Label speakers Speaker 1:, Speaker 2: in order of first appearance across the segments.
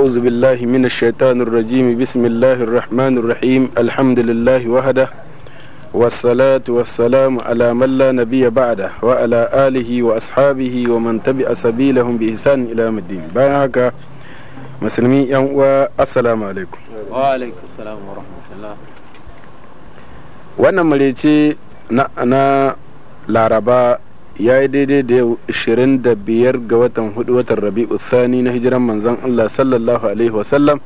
Speaker 1: أعوذ بالله من الشيطان الرجيم بسم الله الرحمن الرحيم الحمد لله وحده والصلاة والسلام على من لا نبي بعده وعلى آله وأصحابه ومن تبع سبيلهم بإحسان إلى يوم الدين بايعك مسلمي يوم والسلام عليكم وعليكم السلام ورحمة الله wannan marece na laraba ya yi daidai da yau biyar ga watan hudu watan rabi'u thani na hijiran manzon Allah sallallahu alaihi wasallam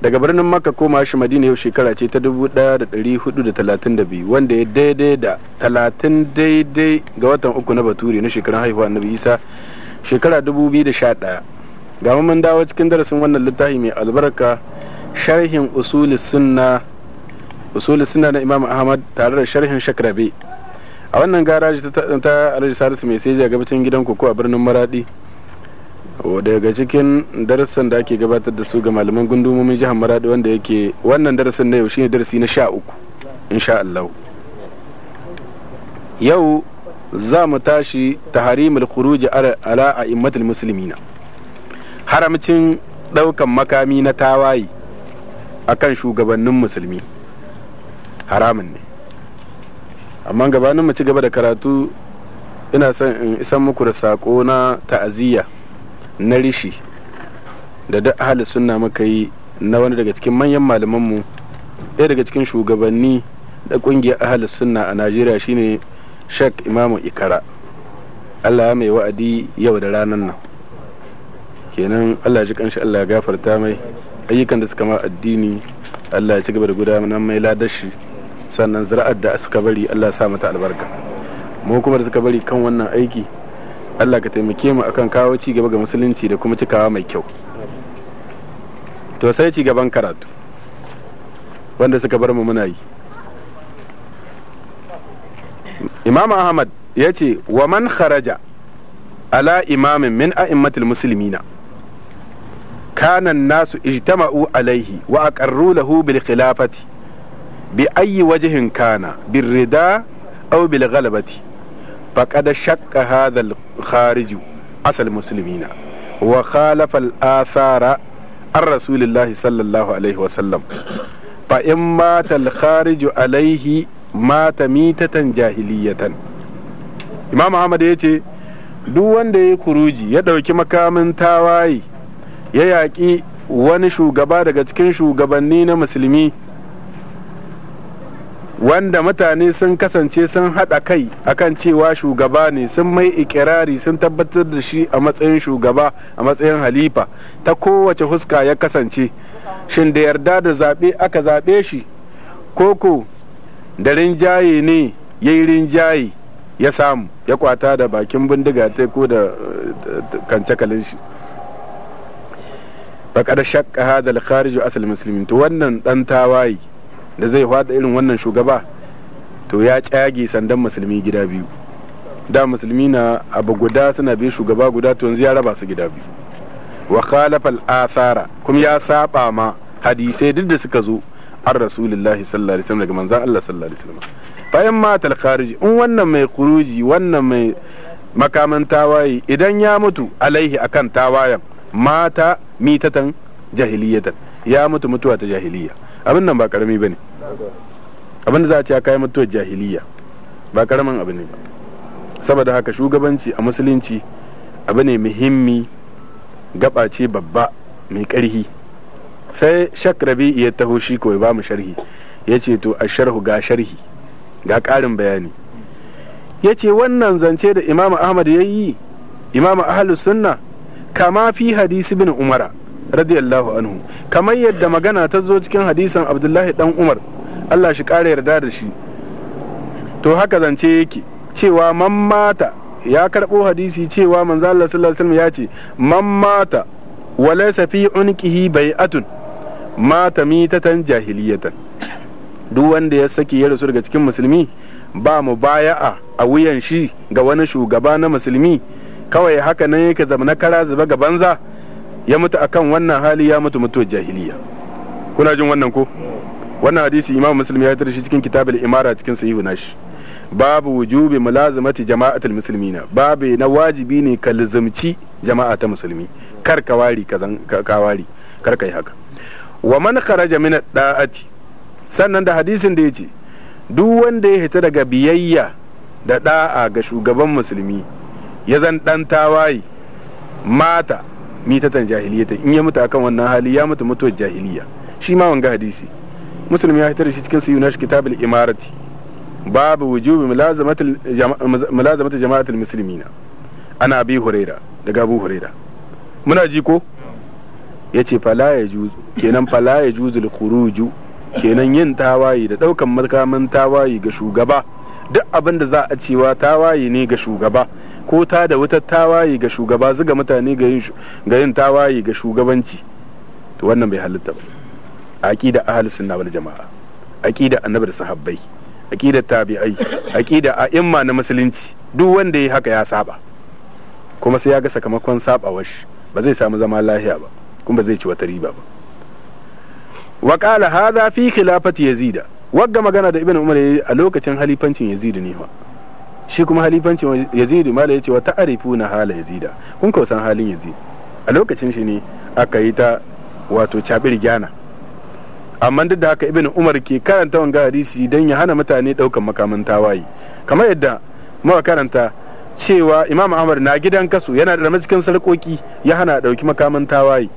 Speaker 1: daga birnin makka koma shi madina yau shekara ce ta dubu da da da dari hudu talatin biyu wanda ya daidai da talatin daidai ga watan uku na bature na shekarun haihuwa annabi isa shekara dubu biyu da daya ga mun dawo cikin darasin wannan littafi mai albarka sharhin usuli sunna sunna na imam ahmad tare da sharhin shakrabe a wannan garaji ta alhaji salisu mai sai a gabacin gidan koko a birnin maradi daga cikin darasin da ake gabatar da su ga malaman gundumomin jihar maradi wanda yake wannan darasin na yau shine darasi na sha uku insha Allah yau za mu tashi ta harimul khuruji ala musulmi na haramcin ɗaukan makami na tawayi akan shugabannin musulmi haramun ne amma gabanin mu ci gaba da karatu ina son in isan muku da sako na ta'aziyya na rishi da duk ahli sunna muka yi na wani daga cikin manyan malamanmu ɗaya daga cikin shugabanni da ƙungiyar ahli sunna a najeriya shine shek imamu ikara allah mai wa'adi yau da ranar nan kenan allah ji kanshi allah ya gafarta mai ayyukan da suka ma addini allah ya ci gaba da gudanar mai ladar shi sannan zira'ar da suka bari Allah sa mata albarka mu kuma da suka bari kan wannan aiki Allah ka taimake mu akan kawo ci gaba ga musulunci da kuma cikawa mai kyau to sai ci gaban karatu wanda suka bar mu muna yi Imam Ahmad ya ce wa man kharaja ala imamin min a'immatil muslimina kanan nasu ijtama'u alaihi wa aqarru lahu bil khilafati bi ayi wajihin kana birrida au bil ghalabati faqad shaqqa shakka hadal kharij asal na. wa khalafa athara an rasulillahi sallallahu alaihi wa sallam fa in mata al alaihi mata mitatan jahiliyatan imam ahmad ya ce duk wanda ya kuruji ya ɗauki makamin tawaye ya yaƙi wani shugaba daga cikin shugabanni na musulmi wanda mutane sun kasance sun haɗa kai akan cewa shugaba ne sun mai ikirari sun tabbatar da shi a matsayin shugaba a matsayin halifa ta kowace huska ya kasance shin da yarda da zaɓe aka zaɓe shi koko da rinjaye ne ya yi rinjaye ya samu ya kwata da bakin bindiga ta ko da kancakalin shi ba kada shakka hadal alkhariju asal musulmi to wannan ɗan tawaye da zai faɗa irin wannan shugaba to ya tsage sandan musulmi gida biyu da musulmi na abu guda suna biyu shugaba guda to yanzu ya raba su gida biyu wa khalafa al-athara kuma ya saba ma hadisai duk da suka zo an rasulullahi sallallahu alaihi wasallam daga manzon Allah sallallahu alaihi wasallam bayan ma tal khariji in wannan mai kuruji wannan mai makaman tawaye idan ya mutu alaihi akan tawayen mata mitatan jahiliyatan ya mutu mutuwa ta jahiliya abin nan ba karami bane abin da za a ce kayan mutuwar jahiliya ba karaman abu ne ba saboda haka shugabanci a musulunci abu ne muhimmi gaba ce babba mai karhi sai shak rabi ya taho shi kawai ba mu sharhi ya ce to a sharhu ga sharhi ga karin bayani ya ce wannan zance da imamu ahmad ya yi imamu ahalu sunna kama fi hadisi bin umara radiyallahu anhu kamar yadda magana ta zo cikin hadisin abdullahi dan umar Allah shi ƙara yarda da shi to haka zance yake cewa man mata ya karɓo hadisi cewa manzo Allah sallallahu alaihi wasallam ya ce man mata walaysa fi unqihi bai'atun mata mitatan jahiliyatan duk wanda ya saki ya rasu daga cikin musulmi ba mu baya'a a wuyan shi ga wani shugaba na musulmi kawai haka nan yake na kara zuba ga banza ya mutu akan wannan hali ya mutu mutu jahiliya kuna jin wannan ko wannan hadisi imam muslim ya tar shi cikin kitabul imara cikin sahihu nashi babu wujubi mulazamati jama'atul muslimina babu na wajibi ne ka lizumci jama'a ta musulmi kar ka wari zan ka wari kar kai haka wa man kharaja min da'ati sannan da hadisin da yace duk wanda ya hita daga biyayya da da'a ga shugaban musulmi ya zan dan tawaye mata mitatan jahiliyata in ya mutu akan wannan hali ya mutu mutuwar jahiliya shi ma wanga hadisi muslim ya fitar da shi cikin sayyuna shi kitabul imarati babu wujubi mulazamata jama'atul muslimina ana bi huraira daga abu huraira muna ji ko yace fala ya juzu kenan fala ya juzul khuruju kenan yin tawayi da daukan makaman tawayi ga shugaba duk abinda da za a cewa tawayi ne ga shugaba ko ta da wutar tawayi ga shugaba zuga mutane ga yin tawayi ga shugabanci to wannan bai halitta ba aqida ahlus sunna wal jamaa aqida annabi da sahabbai aqida tabi'ai aqida a'imma na musulunci duk wanda yi haka ya saba kuma sai ya ga sakamakon sabawar shi ba zai samu zama lahiya ba kuma zai ci wata riba ba wa qala hadha fi khilafati yazida wagga magana da ibn umar a lokacin halifancin yazid ne fa shi kuma halifancin yazid mala yace wa ta'rifuna hala yazid kun kausan halin yazid a lokacin shi ne aka yi ta wato cabir gyana amma duk da haka ibn umar ke karanta wanga hadisi don ya hana mutane ɗaukan makaman tawaye kamar yadda muka karanta cewa imam ahmad na gidan kasu yana da cikin sarkoki ya hana ɗauki makaman tawaye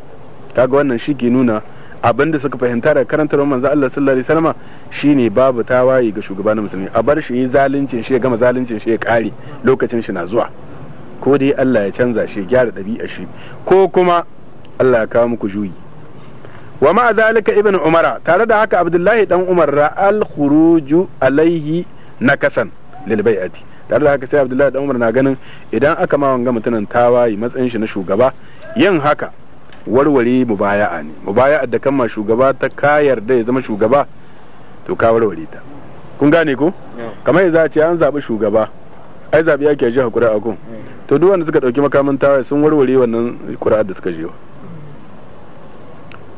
Speaker 1: kaga wannan shi ke nuna abin da suka fahimta da karantar manzo Allah sallallahu alaihi shi ne babu tawaye ga shugaba na musulmi a bar shi yi zaluncin shi ya gama zaluncin shi ya kare lokacin shi na zuwa ko dai Allah ya canza shi gyara ɗabi'a shi ko kuma Allah ya kawo muku juyi wa ma zalika ibn umara tare da haka abdullahi dan umar ra'al khuruju alaihi nakasan lil bai'ati tare da haka sai abdullahi dan umar na ganin idan aka ma wanga mutunan tawayi matsayin shi na shugaba yin haka warware mubaya'a ne mubaya'a da kan ma shugaba ta kayar da ya zama shugaba to ka warware ta kun gane ko kamar yanzu a ce an zaɓi shugaba ai zaɓi ake ji hakuri a kun to duk wanda suka ɗauki makamin tawaye sun warware wannan ƙuri'ar da suka jewa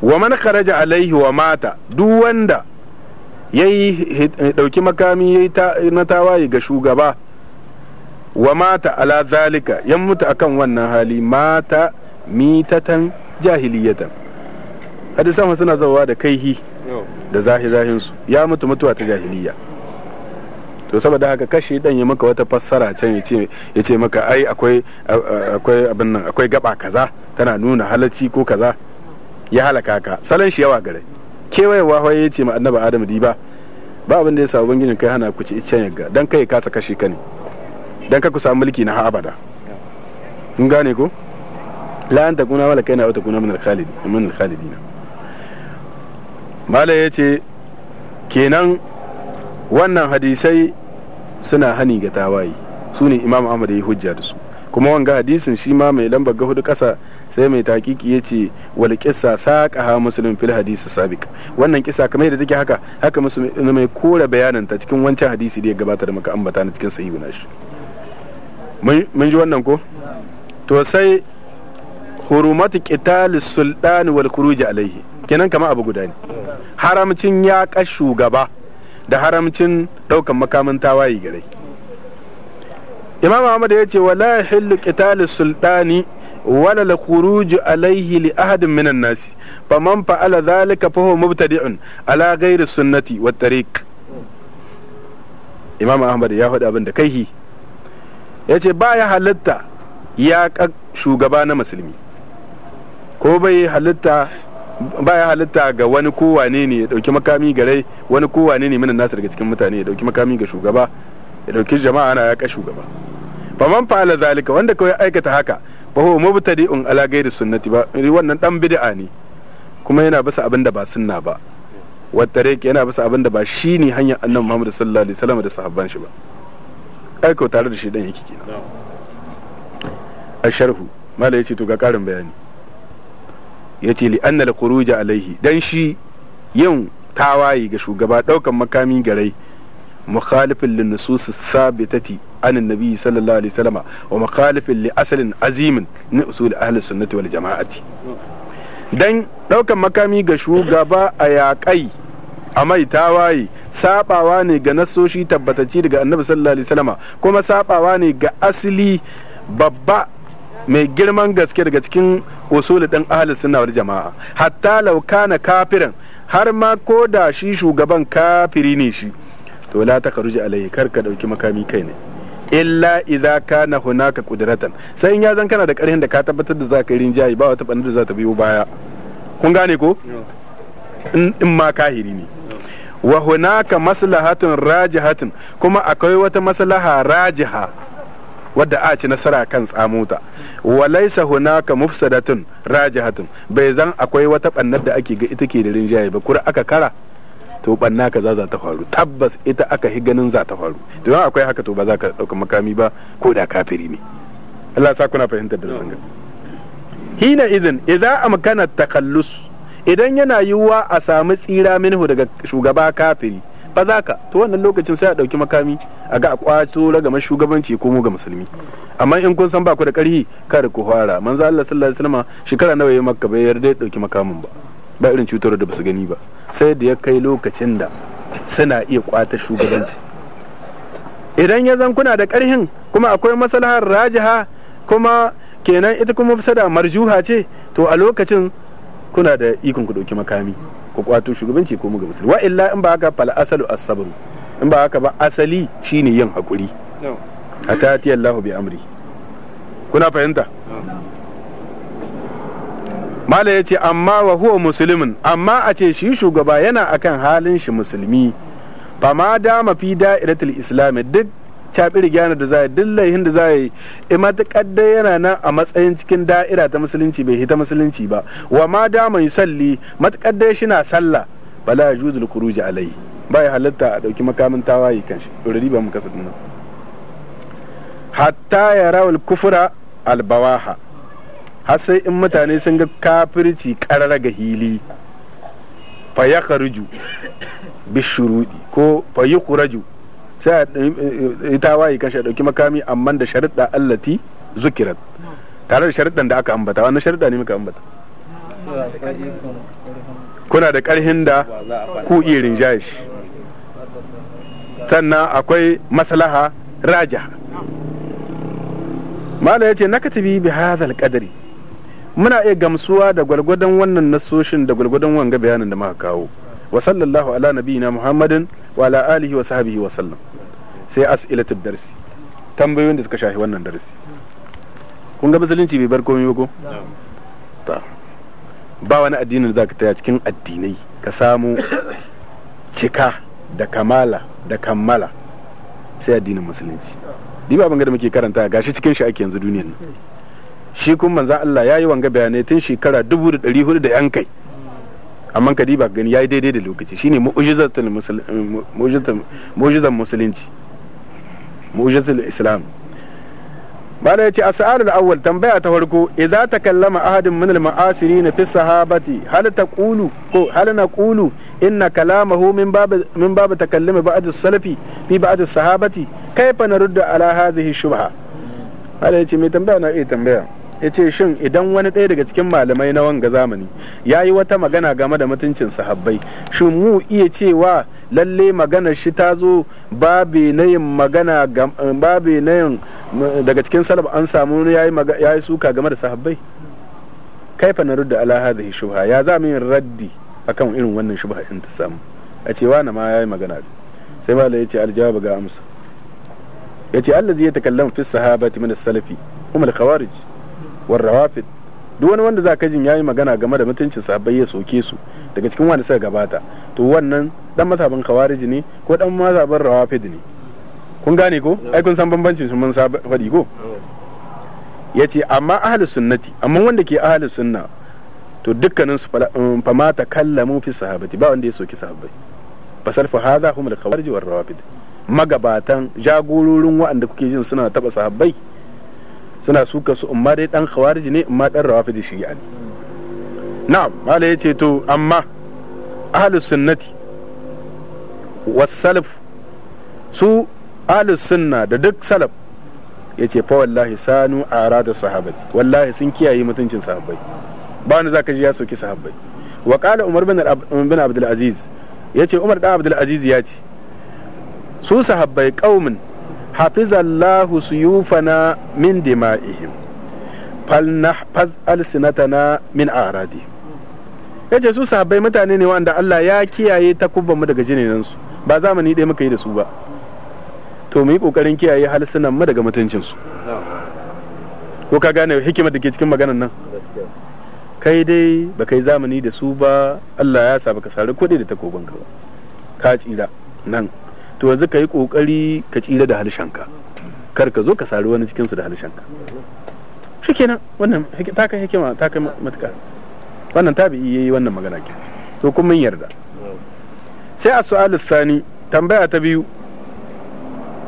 Speaker 1: wa man kharaja alaihi wa mata duk wanda yayi dauki makami yayi na tawaye ga shugaba wa mata ala zalika ya mutu akan wannan hali mata mitatan jahiliyatan hadisan suna zawa da kaihi da zahi su ya mutu mutuwa ta jahiliya to saboda haka kashe dan ya maka wata fassara can ya ce maka ai akwai abin nan akwai gaba kaza tana nuna halacci ko kaza ya halaka ka salon shi yawa gare kewaye wa ya ce ma annabi adam di ba ba abin da ya samu bangijin kai hana ku ci iccen yagga dan kai kasa kashe ka ne dan ka ku samu mulki na abada kun gane ko la an kuna wala kaina wata kuna min al-khalid min al-khalidina mala ce kenan wannan hadisai suna hani ga tawaye su ne imam ahmad ya hujja da su kuma wanga hadisin shi ma mai lambar ga hudu kasa sai mai takiki ya ce wal kissa ha muslim fil hadisi sabiq wannan kisa kamar yadda take haka haka mai kora bayanan ta cikin wancan hadisi da ya gabata da muka ambata na cikin sahihu nashi mun ji wannan ko to sai hurumatu qital sultan wal khuruj alaihi kenan kama abu guda ne haramcin ya shugaba da haramcin daukan makamin tawayi gare imam ahmad ya ce wala yahillu qital sultani wala la kuruju alaihi li ahadin minan nasi man fa'ala dhalika fa huwa mubtadi'un ala ghairi sunnati wat tariq imam ahmad ya faɗi abin da kaihi yace ba ya halitta ya shugaba na musulmi ko bai halitta ba ya halitta ga wani kowane ne ya dauki makami ga rai wani kowane ne minan nasu daga cikin mutane ya dauki makami ga shugaba ya dauki jama'a ana ya ka shugaba man fa'ala zalika wanda kawai aikata haka ba huwa mubtadi'un ala ghairi sunnati ba wannan dan bid'a ne kuma yana bisa abin da ba sunna ba wattare yana bisa abin da ba shi ne hanyar annabi Muhammad sallallahu alaihi wasallam da sahabban shi ba aiko tare da shi dan yake kenan a sharhu mala yace to ga karin bayani yace li anna al-khuruj alaihi dan shi yin tawaye ga shugaba daukan makami garai mukhalifin lin nusus sabitati عن النبي صلى الله عليه وسلم ومخالف لأصل عظيم من أصول أهل السنة والجماعة dan ɗaukan makami ga shugaba a yaƙai a mai tawaye saɓawa ne ga nasoshi tabbatacci daga annabi sallallahu alaihi wasallam kuma saɓawa ne ga asali babba mai girman gaske daga cikin usuli ɗin ahalin sunna jama'a hatta lauka na kafirin har ma ko da shi shugaban kafiri ne shi to la ta karuji alai kar ka ɗauki makami kai ne illa idza kana hunaka qudratan sai in ya zan kana da karhin da ka tabbatar da zaka rinjayi ba wata bandar da za ta biyo baya kun gane ko in ma kahiri ne wa hunaka maslahatun rajihatun kuma akwai wata maslaha rajiha wadda a ci nasara kan tsamuta wa laisa hunaka mufsadatun rajihatun bai zan akwai wata bannar da ake ga ita ke da rinjaye ba kura aka kara to banna kaza za ta faru tabbas ita aka hi ganin za ta faru to akwai haka to ba za ka dauka makami ba ko da kafiri ne Allah sa kuna fahimtar da sanga hina idan idza amkana takallus idan yana yiwuwa a sami tsira minhu daga shugaba kafiri ba za ka to wannan lokacin sai a dauki makami a ga a kwato ma shugabanci ko mu ga musulmi amma in kun san ba ku da karhi kar ku fara manzo Allah sallallahu alaihi wasallam shekara nawa ya makka bai yarda ya dauki makamin ba ba irin cutar da basu gani ba sai da ya kai lokacin da suna iya kwata shugabanci idan ya zan kuna da ƙarhin kuma akwai maslahar rajiha kuma kenan ita kuma sada marjuha ce to a lokacin kuna da ikon ku dauki makami ku kwato shugabanci ko muga musulmi wa illa in ba haka fal asalu as in ba haka ba asali shine yin hakuri hatta tiyallahu bi amri kuna fahimta mala ya ce amma wa huwa musulmin amma a ce shi shugaba yana akan halin shi musulmi ba ma dama fi da'iratul islami duk caɓi gyana da za duk laihin da za yi eh, matuƙar dai yana nan a matsayin cikin da'ira ta musulunci bai hita musulunci ba wa ma dama salli matuƙar dai shi na sallah bala ya juzul kuruji alai ba ya halatta a ɗauki makamin tawayi kan shi ɗorari ba mu kasa hatta ya rawul kufura albawaha har sai in mutane sun ga kafirci karara ga hili fa ya karuju bishurudi ko fa yi kuraju sai eh, eh, ita wayi kashe dauki makami amma da sharuɗa allati zukirat tare da sharuɗan da aka ambata wannan sharuɗa ne muka ambata kuna da ƙarhin da ku iya rinjaye shi sannan akwai maslaha raja mala ya ce na katibi bi hadal qadari muna iya gamsuwa da gwalgwadon wannan nasoshin da gwalgwadon wanga bayanin da muka kawo wa sallallahu ala nabiyina muhammadin wa ala alihi wa sahbihi wa sallam sai as'ilatul darsi tambayoyin da suka shafi wannan darsi kun ga musulunci bai bar komai ba ko ba wani addinin da zaka taya cikin addinai ka samu cika da kamala da kammala sai addinin musulunci di ba da muke karanta gashi cikin shi ake yanzu duniyar nan shi kun manzan Allah ya yi wanga bayanai tun shekara dubu da ɗari hudu da yan kai amma ka gani ya yi daidai da lokaci shine mu'ujizan musulunci mu'ujizan islam ya ce a sa'adar awal tambaya ta farko idza kallama ahadin min al na fi sahabati hal ta kulu ko hal na naqulu inna kalamahu min bab min bab takallama ba'd as-salafi fi ba'd as-sahabati kayfa naruddu ala hadhihi shubha ya ce mai tambaya na iya tambaya ya ce shin idan wani ɗaya daga cikin malamai na wanga zamani ya yi wata magana game da mutuncin sahabbai shin mu iya cewa lalle magana shi ta zo babe na yin magana babe na yin daga cikin salaf an samu ya yi suka game da sahabbai kaifa na rudda ala da shubha ya za mu yin raddi akan irin wannan shubha in ta samu a cewa na ma ya yi magana sai malai yace aljawab ga amsa ya zai allazi yatakallama fi sahabati min as-salafi umar al-khawarij warrawafid duk wani wanda za ka jin yayi magana game da mutuncin sahabbai ya soke su daga cikin wanda suka gabata to wannan dan masabin khawariji ne ko dan masabin rawafid ne
Speaker 2: kun gane ko ai kun san
Speaker 1: bambancin su mun faɗi ko yace amma ahlus sunnati amma wanda ke ahlus sunna to dukkanin su um, fa ma takallamu fi sahabati ba wanda ya soki sahabbai fasalfa hadha humul khawariji war rawafid magabatan jagororin wa'anda kuke jin suna taba sahabbai suna suka su amma dai dan khawarij ne amma dan rawafidi shi'a ne na'am malai yace to amma ahlus sunnati was salaf su ahlus sunna da duk salaf yace fa wallahi sanu arada sahabati wallahi sun kiyaye mutuncin sahabbai ba wani zaka ji ya soki sahabbai wa qala umar bin bin abdul aziz yace umar da abdul aziz ya ce su sahabbai qaumin hafizallahu suyufana min dima'ihim fal alsinatana min aradi yace su sahabbai mutane ne wanda Allah ya kiyaye takubban mu daga su ba zamani dai muka yi da su ba to mu yi kokarin kiyaye halsunan mu daga su ko ka gane hikimar da ke cikin maganar nan kai dai ba kai zamani da su ba Allah ya sa baka sari kuɗi da takubban ka ka tsira nan to yanzu ka yi kokari ka tsira da halishanka kar ka zo ka sari wani cikin su da halshenka shikenan wannan ta kai hikima ta kai matuka wannan ta iya yayi wannan magana ke to kun mun yarda sai a sual tsani tambaya ta biyu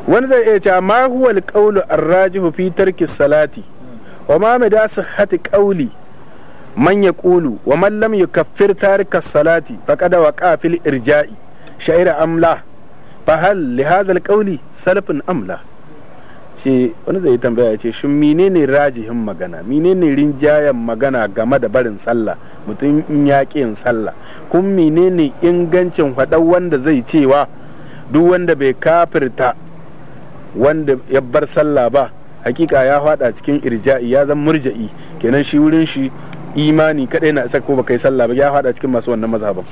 Speaker 1: wani zai iya cewa ma huwa al-qawlu fi tarki salati wa ma mada hati qawli man yaqulu wa man lam yukaffir tarika salati faqad waqa fil irja'i sha'ira amla fahal li hadhal qawli salafin amla ce wani zai tambaya ya ce shin menene rajihin magana menene rinjayen magana game da barin sallah mutum in ya yin sallah kun menene ingancin faɗa wanda zai cewa duk wanda bai kafirta wanda ya bar sallah ba hakika ya faɗa cikin irja'i ya zan murja'i kenan shi wurin shi imani kadai na isa ko ba kai sallah ba ya faɗa cikin masu wannan mazhaban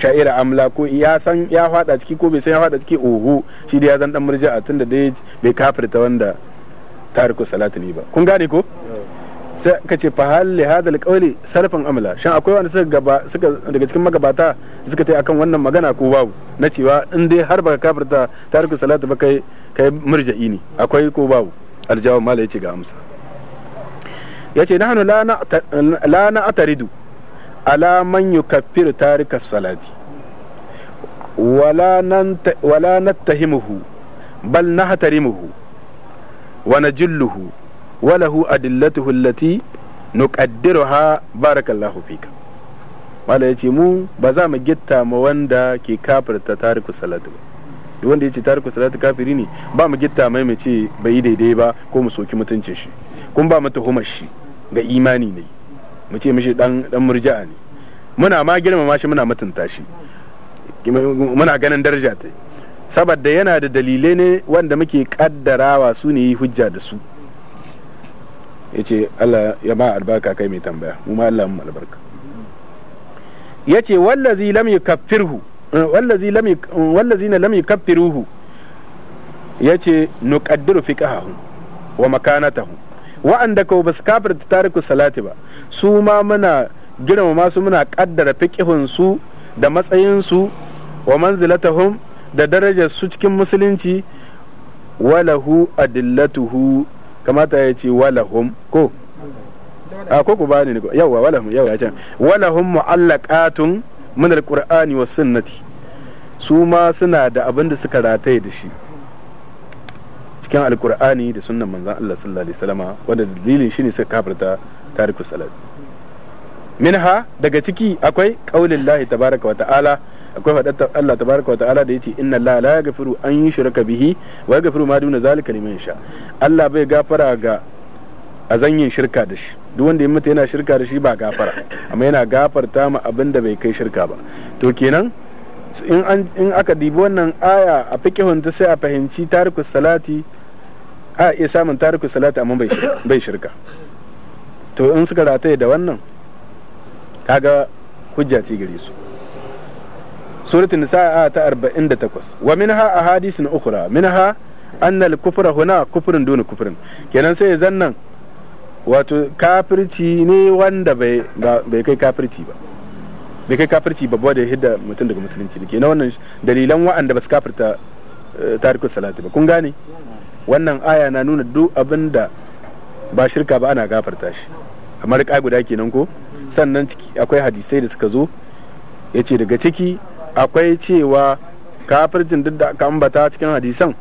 Speaker 1: sha'ira amla ko ya san ya fada ciki ko bai san ya fada ciki oho shi da ya zan dan murji'a tunda dai bai kafirta wanda tariku salatu ne ba kun gane ko sai ka ce fa hal li hadal qawli sarfan amla shan akwai wanda suka gaba suka daga cikin magabata suka tai akan wannan magana ko babu na cewa in dai har baka kafirta tariku salatu ba kai kai murji'i ne akwai ko babu aljawab mala yace ga amsa yace nahnu la na la na ataridu ala man kafir tarika salati wala nattahimuhu bal na hatarimuhu wa nu wa ha baraka allati fi barakallahu fika ya ce mu ba za mu gitta ma wanda ke kafirta tariku salatu duk wanda ce tariku salatu kafiri ne ba mu gitta mai mu ce bai yi daidai ba ko mu soki mutuncin shi kun ba mu tuhumar shi ga imani ne mu ce mishi dan dan murja'a ne muna ma girmama shi muna mutunta shi muna ganin daraja ta saboda yana da dalilai ne wanda muke kaddarawa su ne yi hujja da su ya ce Allah ya ba albarka kai mai tambaya mu ma Allah mu albarka ya ce wallazi lam yukaffirhu wallazi lam wallazi lam yukaffiruhu ya ce nuqaddiru fiqahu wa makanatahu wa'anda ko basu kafirta tariku salati ba su ma muna girmama su muna kaddara fiqihun su da matsayin su wa manzilatahum da darajar su cikin musulunci walahu adillatuhu kamata ya ce walahum ko a ko ku bani ne yawa walahum yawa ya ce walahum mu'allaqatun min alqur'ani was sunnati su ma suna da abin da suka rataye da shi cikin alqur'ani da sunnan manzon Allah sallallahu alaihi wasallama wanda dalilin shine suka kafirta tarikus salat minha daga ciki akwai qaulin lahi tabaraka wa ta'ala akwai faɗar Allah tabaraka wa ta'ala da yace inna Allah la yaghfiru an yushraka bihi wa yaghfiru ma duna zalika liman yasha Allah bai gafara ga azanyin shirka da shi duk wanda ya mutu yana shirka da shi ba gafara amma yana gafarta ma abin da bai kai shirka ba to kenan in aka dibi wannan aya a fikihun ta sai a fahimci tarikus salati a iya samun tarikus salati amma bai shirka to in suka rataye da wannan kaga hujja ce gare su سورة a آية 48 ahadithun ukhra minha anna al-kufra huna kufrun dun كفر kenan sai zannan wato kafirci ne wanda bai kai kafirci ba bai kai kafirci ba da hidda mutum daga musulunci ne kenan wannan dalilan wa'anda ba su kafirta eh, tarikul salati ba kun gane wannan aya na nuna duk abinda ba shirka ba ana gafarta shi amma riƙa guda kenan ko sannan akwai hadisai da suka zo ya ce daga ciki akwai cewa kafircin duk da aka ambata cikin hadisan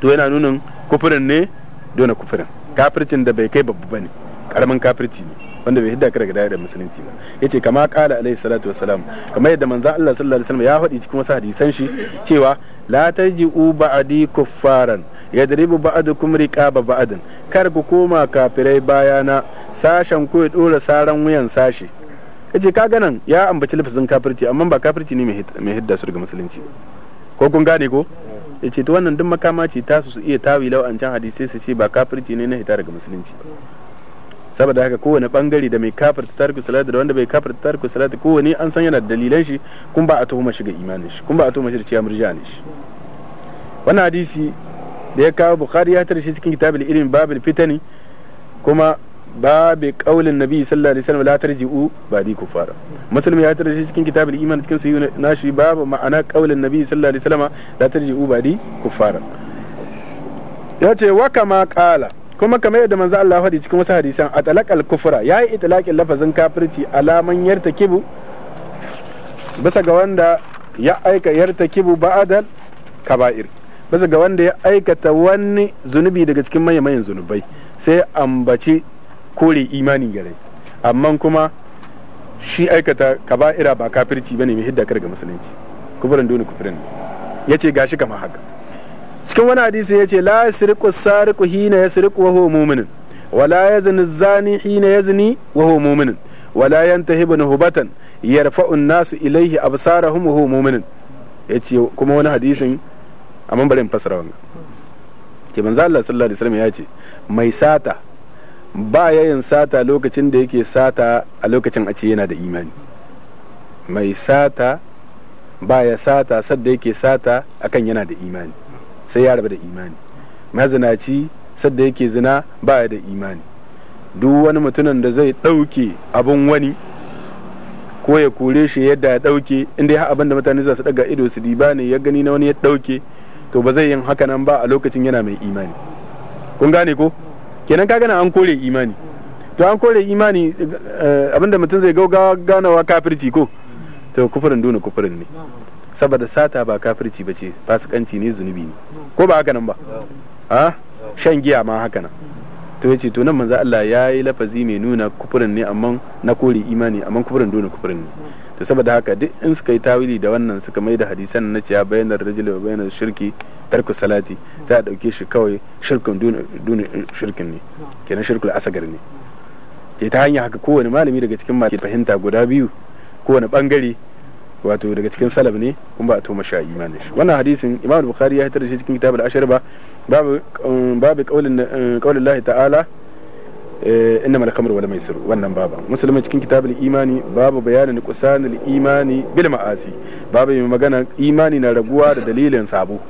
Speaker 1: to yana nunin kufurin ne dole kufurin kafircin da bai kai babu ba ne karamin kafirci ne wanda bai hidda ka daga da musulunci ba ce kama kala alaihi salatu wa salam kamar yadda manzan Allah sallallahu alaihi wasallam ya faɗi cikin wasu hadisan shi cewa la taji'u ba'di kuffaran yadribu ba'dukum riqaba ba'adin kar ku koma kafirai bayana sashen ku ya dora saran wuyan sashi kace ka ganan ya ambaci lafazin kafirci amma ba kafirci ne mai hidda su daga musulunci ko kun gane ko yace to wannan duk makama ce ta su iya tawi lau an can hadisi su ce ba kafirci ne na hita daga musulunci saboda haka kowane bangare da mai kafirta tarku salati da wanda bai kafirta tarku salati kowane an san yana da dalilan shi kun ba a tuhuma shi ga imanin shi kun ba a tuhuma shi da cewa murja ne shi wannan hadisi da ya kawo bukhari ya tare shi cikin kitabul ilmi babul fitani kuma babu kaulin nabi sallallahu alaihi wasallam la tarji'u ba'di kufara muslim ya tare shi cikin kitabul iman cikin sayyid nashi babu ma'ana kaulin nabi sallallahu alaihi wasallam la tarji'u ba'di kufara ya ce wa kama kala kuma kamar yadda manzo Allah hadi cikin wasu hadisan a talaqal kufra yayi itlaqin lafazin kafirci alaman yartakibu bisa ga wanda ya aika yartakibu ba'adal kaba'ir bisa ga wanda ya aikata wani zunubi daga cikin manyan zunubai sai ambaci kore imani gare amma kuma shi aikata kaba'ira ba kafirci bane mai hidda daga musulunci kufurin duni kufurin ce gashi kamar haka cikin wani hadisi ya ce la yasriqu sariku hina ya wa waho muminin wala ya zini zani hina ya zini waho muminin wala yantahi ibn hubatan yarfa'u an-nasu ilayhi absarahum wa muminin ya ce kuma wani hadisin amma bari in fasara wannan ke manzo Allah sallallahu alaihi wasallam ya ce mai sata ba yayin sata lokacin da yake sata a lokacin a ce yana da imani mai sata ba ya sata sadda yake sata akan yana da imani sai ya rabu da imani mazinaci sadda yake zina ba ya da imani duk wani mutumin da zai ɗauke abin wani ko ya kore shi yadda ya ɗauke inda ya abin da mutane za su ɗaga ido su diba ne ya gani na wani ya ɗauke to ba zai yin haka nan ba a lokacin yana mai imani kun gane ko kenan ka gana an kore imani to an kore imani eh, abinda mutum zai gauga ganawa kafirci ko to kufurin duna kufurin ne saboda sata ba kafirci ba ce fasikanci ne zunubi ne ko ba haka nan ba a ah? shan giya ma haka nan to ce to nan manzo Allah ya yi lafazi mai nuna kufurin ne amma na kore imani amma kufurin dole kufurin ne to saboda haka duk in suka yi tawili da wannan suka mai da hadisan na ciya bayanar rajul wa bayanar shirki tarku salati za a dauke shi kawai shirkin dole shirkin ne kenan shirkul asagar ne ke ta hanya haka kowane malami daga cikin malami fahimta guda biyu kowane bangare wato daga cikin salaf ne kuma ba a tuma sha imanin shi wannan hadisin imam bukhari ya hitar da shi cikin kitab al-ashir ba babu um, babu qaulin qaulin um, Allah ta'ala eh, Inna mal khamru wal maisir wannan baba musulmi cikin kitab al-imani babu bayanin qusan al-imani bil ma'asi babu mai magana imani na raguwa da dalilin sabo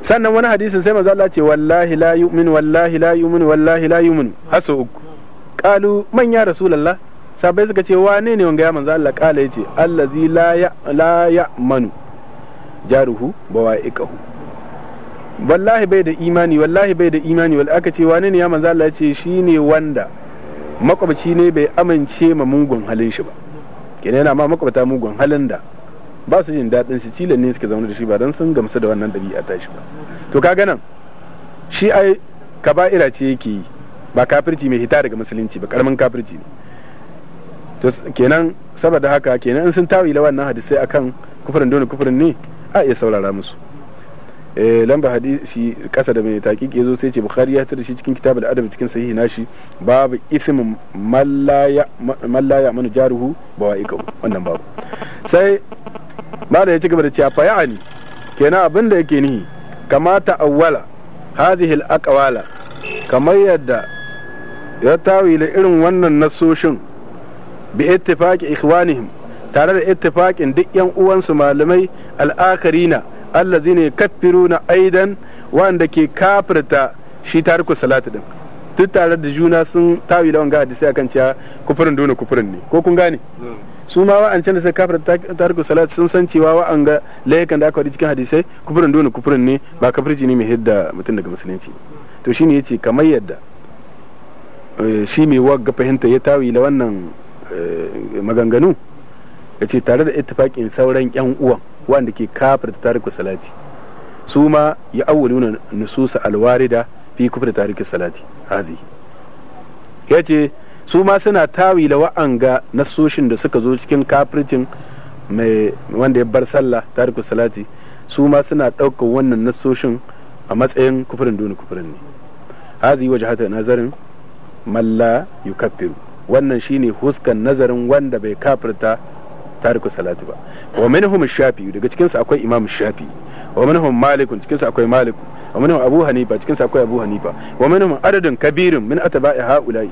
Speaker 1: sannan wani hadisin sai manzo Allah ce wallahi la yu'min wallahi la yu'min wallahi la yu'min haso uku qalu man ya rasulullah sabai suka ce wane ne wanga ya manzo Allah kala yace allazi la ya la ya manu jaruhu bawa'iqahu wallahi bai da imani wallahi bai da imani wal aka ce wane ne ya manzo Allah yace shine wanda makwabci ne bai amince ma mugun halin shi ba kenan yana ma makwabta mugun halin da ba su jin daɗin shi cilan ne suke zaune da shi ba don sun gamsu da wannan dabi'a ta shi ba to kaga nan shi ai kaba'ira ce yake yi ba kafirci mai hita daga musulunci ba karamin kafirci ne to kenan saboda haka kenan in sun tawila wannan hadisai akan kufurin dole kufurin ne a iya saurara musu eh, lamba hadisi kasa da mai taqiq yazo sai ce bukhari ya tada shi cikin kitabul adab cikin sahihi nashi babu ism mallaya mallaya manu jaruhu bawa'iqu wannan babu sai da ya ci gaba da cewa fa ya'ani kenan abin da yake nihi kamata awwala hadhihi al aqwala kamar yadda ya tawila irin wannan nasoshin bi ittifaqi ikhwanihim tare da ittifaqin duk yan uwansu malamai al'akarina allazina kaffiruna aidan wanda ke kafirta shi tariku salatu din duk tare da juna sun tawi da wanga hadisi akan cewa kufurin dole kufurin ne ko kun gane su ma wa'ancan da suka kafirta tariku salatu sun san cewa wa wa'anga layukan da aka wadi cikin hadisai kufurin dole kufurin ne ba kafirci ne mai hidda mutum daga musulunci to shine yace kamar yadda shi mai wagga fahimta ya tawi da wannan Eh, maganganu ya ce tare da ittifaƙin sauran 'yan uwan wanda ke ta tarihi salati su ma ya awwaluna nususa alwarida fi kufri tariku salati hazi ya ce su ma suna tawila wa'anga nasoshin da suka zo cikin kafircin mai wanda ya bar sallah tarihi salati su ma suna ɗaukar wannan nasoshin a matsayin kufurin duni kufurin ne hazi waje hata nazarin malla yukaffiru wannan shine huskan nazarin wanda bai kafirta tariku salati ba wa minhum shafi daga cikinsu akwai imam shafi wa minhum malik cikinsu akwai malik wa minhum abu hanifa cikinsu akwai abu hanifa wa minhum adadun kabirin min atba'i haula'i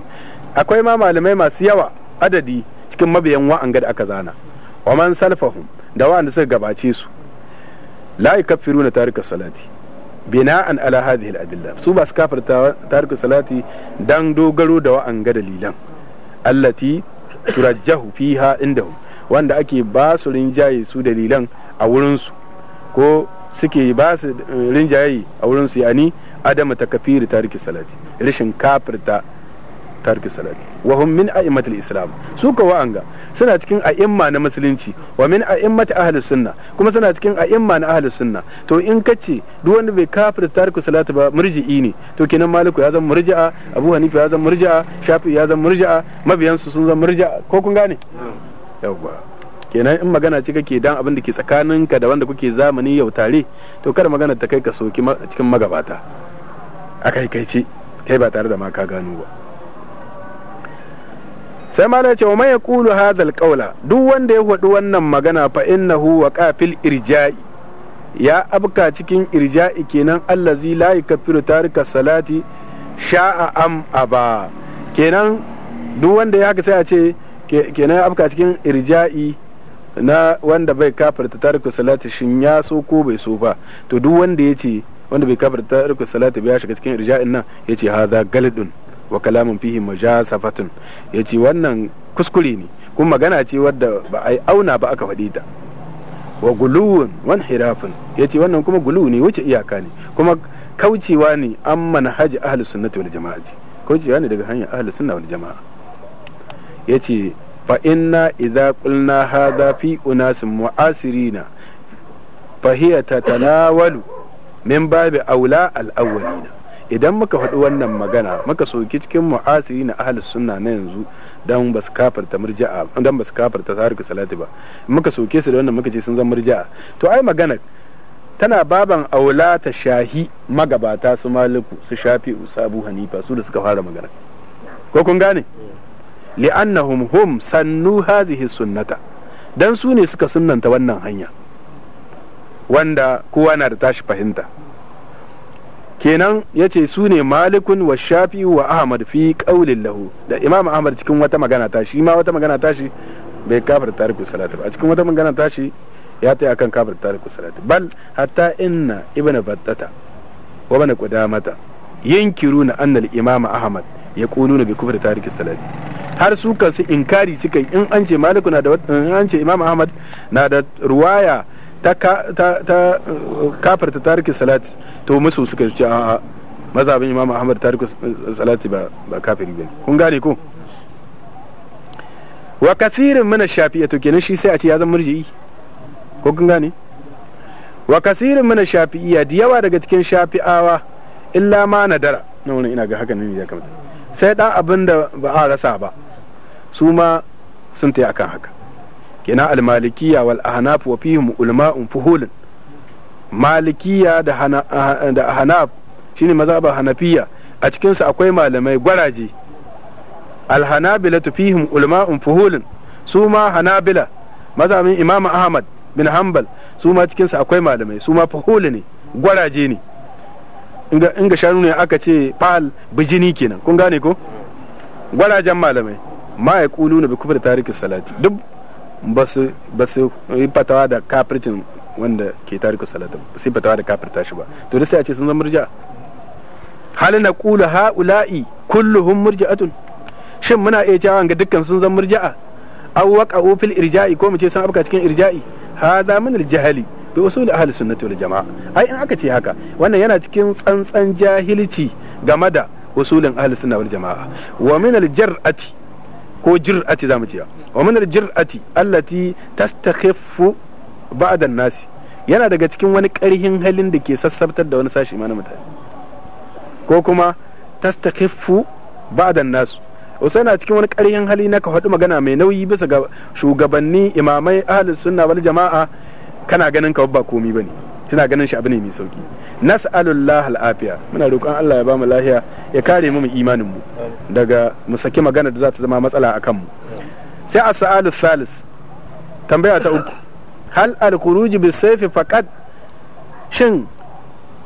Speaker 1: akwai ma malamai masu yawa adadi cikin mabiyan wa'anga da aka zana wa man salfahum da wa'anda suka gabace su la yukaffiruna tarika salati bina'an ala hadhihi al-adilla su ba su kafirta tarika salati dan dogaro da wa'anga dalilan allati turajjahu fiha indahu wanda ake ba su rinjaye su dalilan a wurinsu ko suke ba su eh, rinjaye a wurinsu yani adama takafiri tariki salati rashin kafirta tarki salati wa hum min a'immatil islam su ka wa'anga suna cikin a'imma na musulunci wa min a'immat ahli sunna kuma suna cikin a'imma na ahli sunna to in kace duk wanda bai kafir tarki salati ba murji'i ne to kenan maliku ya zama murji'a abu hanifa ya zama murji'a shafi ya zama murji'a su sun zama murji'a ko kun gane yawwa kenan in magana ce kake dan abin da ke tsakanin ka da wanda kuke zamani yau tare to kada magana ta kai ka soki cikin magabata a kai kai ce kai ba tare da ma ka gano ba sai ma ce wa ya kulu hadal kaula duk wanda ya faɗi wannan magana fa innahu wa kafil irja'i ya abka cikin irja'i kenan allazi la yakfiru tarika salati sha'a am aba kenan duk wanda ya sai a ce kenan ya abka cikin irja'i na wanda bai kafirta tarika salati shin ya so ko bai so ba to duk wanda ya ce wanda bai kafirta tarika salati ba ya shiga cikin irja'in nan ya ce hadha galidun wa kalamun fihi ya ce wannan kuskure ne kuma magana ce wadda ba a auna ba aka faɗi ta wa guluwun wan hirafin ce wannan kuma guluwu ne wuce iyaka ne kuma kaucewa ne an manhaji ahli sunnati wal jama'a kaucewa ne daga hanyar ahli sunna wal jama'a Ya ce fa inna idza qulna hadha fi unasin mu'asirina fa hiya tatanawalu min babi aula al-awwalina idan muka faɗi wannan magana muka soki cikin mu'asiri na ahli sunna na yanzu dan ba su kafarta murja'a dan ba su kafarta tariku salati ba muka soke su da wannan muka ce sun zama murja'a to ai magana tana baban aula ta shahi magabata su maliku su shafi hanifa su da suka fara magana ko kun gane li'annahum hum sannu hazihi sunnata dan su ne suka sunnanta wannan hanya wanda kowa na da tashi fahimta kenan ya ce su ne malikun wa shafi wa ahmad fi kaulin lahu da imam ahmad cikin wata magana ta shi ma wata magana ta shi bai kafir tariku salatu a cikin wata magana ta shi ya ta akan kafir tariku salatu bal hatta inna ibn battata wa ibnu qudamata yankiruna anna al-imam ahmad yaquluna bi kufri tariku salatu har su kansu inkari suka in an ce malikuna da an ce imam ahmad na da ruwaya ta ta kafarta tarikin salati to musu suka ce a mazabin imam ahmad tarikin salati ba ba kafiri bane kun gane ko wa kathirin min ash-shafi'i to kenan shi sai a ce ya zama murji'i ko kun gane wa kasirin mana shafi'iya da yawa daga cikin shafi'awa illa ma nadara na wani ina ga haka ne ya kamata sai dan abin da ba a rasa ba su ma sun ta akan haka kina almalikiya wal ahnaf wa fihim ulama'un fuhulun malikiya da ahnaf shine mazhaban hanafiya a cikinsu akwai malamai gwaraje alhanabila fihim ulama'un fuhulun su ma hanabila mazamin imam ahmad bin hanbal su ma cikinsu akwai malamai su ma fuhulu ne gwaraje ne inga shanu ne aka ce fal bijini kenan kun gane ko gwarajen malamai ma ya kulu na bi kufar tarikin salati duk ba su yi fatawa da kafircin wanda ke tariku salatu ba su yi fatawa da kafirta shi ba to da sai a ce sun zama murja Hali na kula ha'ula'i kulluhum murja'atun shin muna iya cewa ga dukkan sun zama murja'a aw waqa'u fil irja'i ko mu ce sun abka cikin irja'i hada min al jahali bi usul ahli sunnati wal jamaa ai in aka ce haka wannan yana cikin tsantsan jahilci game da usulin ahli sunna wal jamaa wa min al jar'ati ko jir'ati mu ciya wa min jir'ati allati tastakhiffu ba'da nasi yana daga cikin wani karhin halin da ke sassabtar da wani sashi ma na mutane ko kuma tastakhiffu ba'da nasu wasu yana cikin wani karhin hali na ka faɗi magana mai nauyi bisa ga shugabanni imamai ahlus sunna wal jama'a kana ganin ka ba komi bane kina ganin shi abu ne mai sauki nas'alullah al'afiya muna roƙon Allah ya ba mu lafiya ya kare mu imanin mu daga mu saki magana da za ta zama matsala a kanmu sai a saalu salis tambaya ta uku hal al-khuruj bi sayfi faqat shin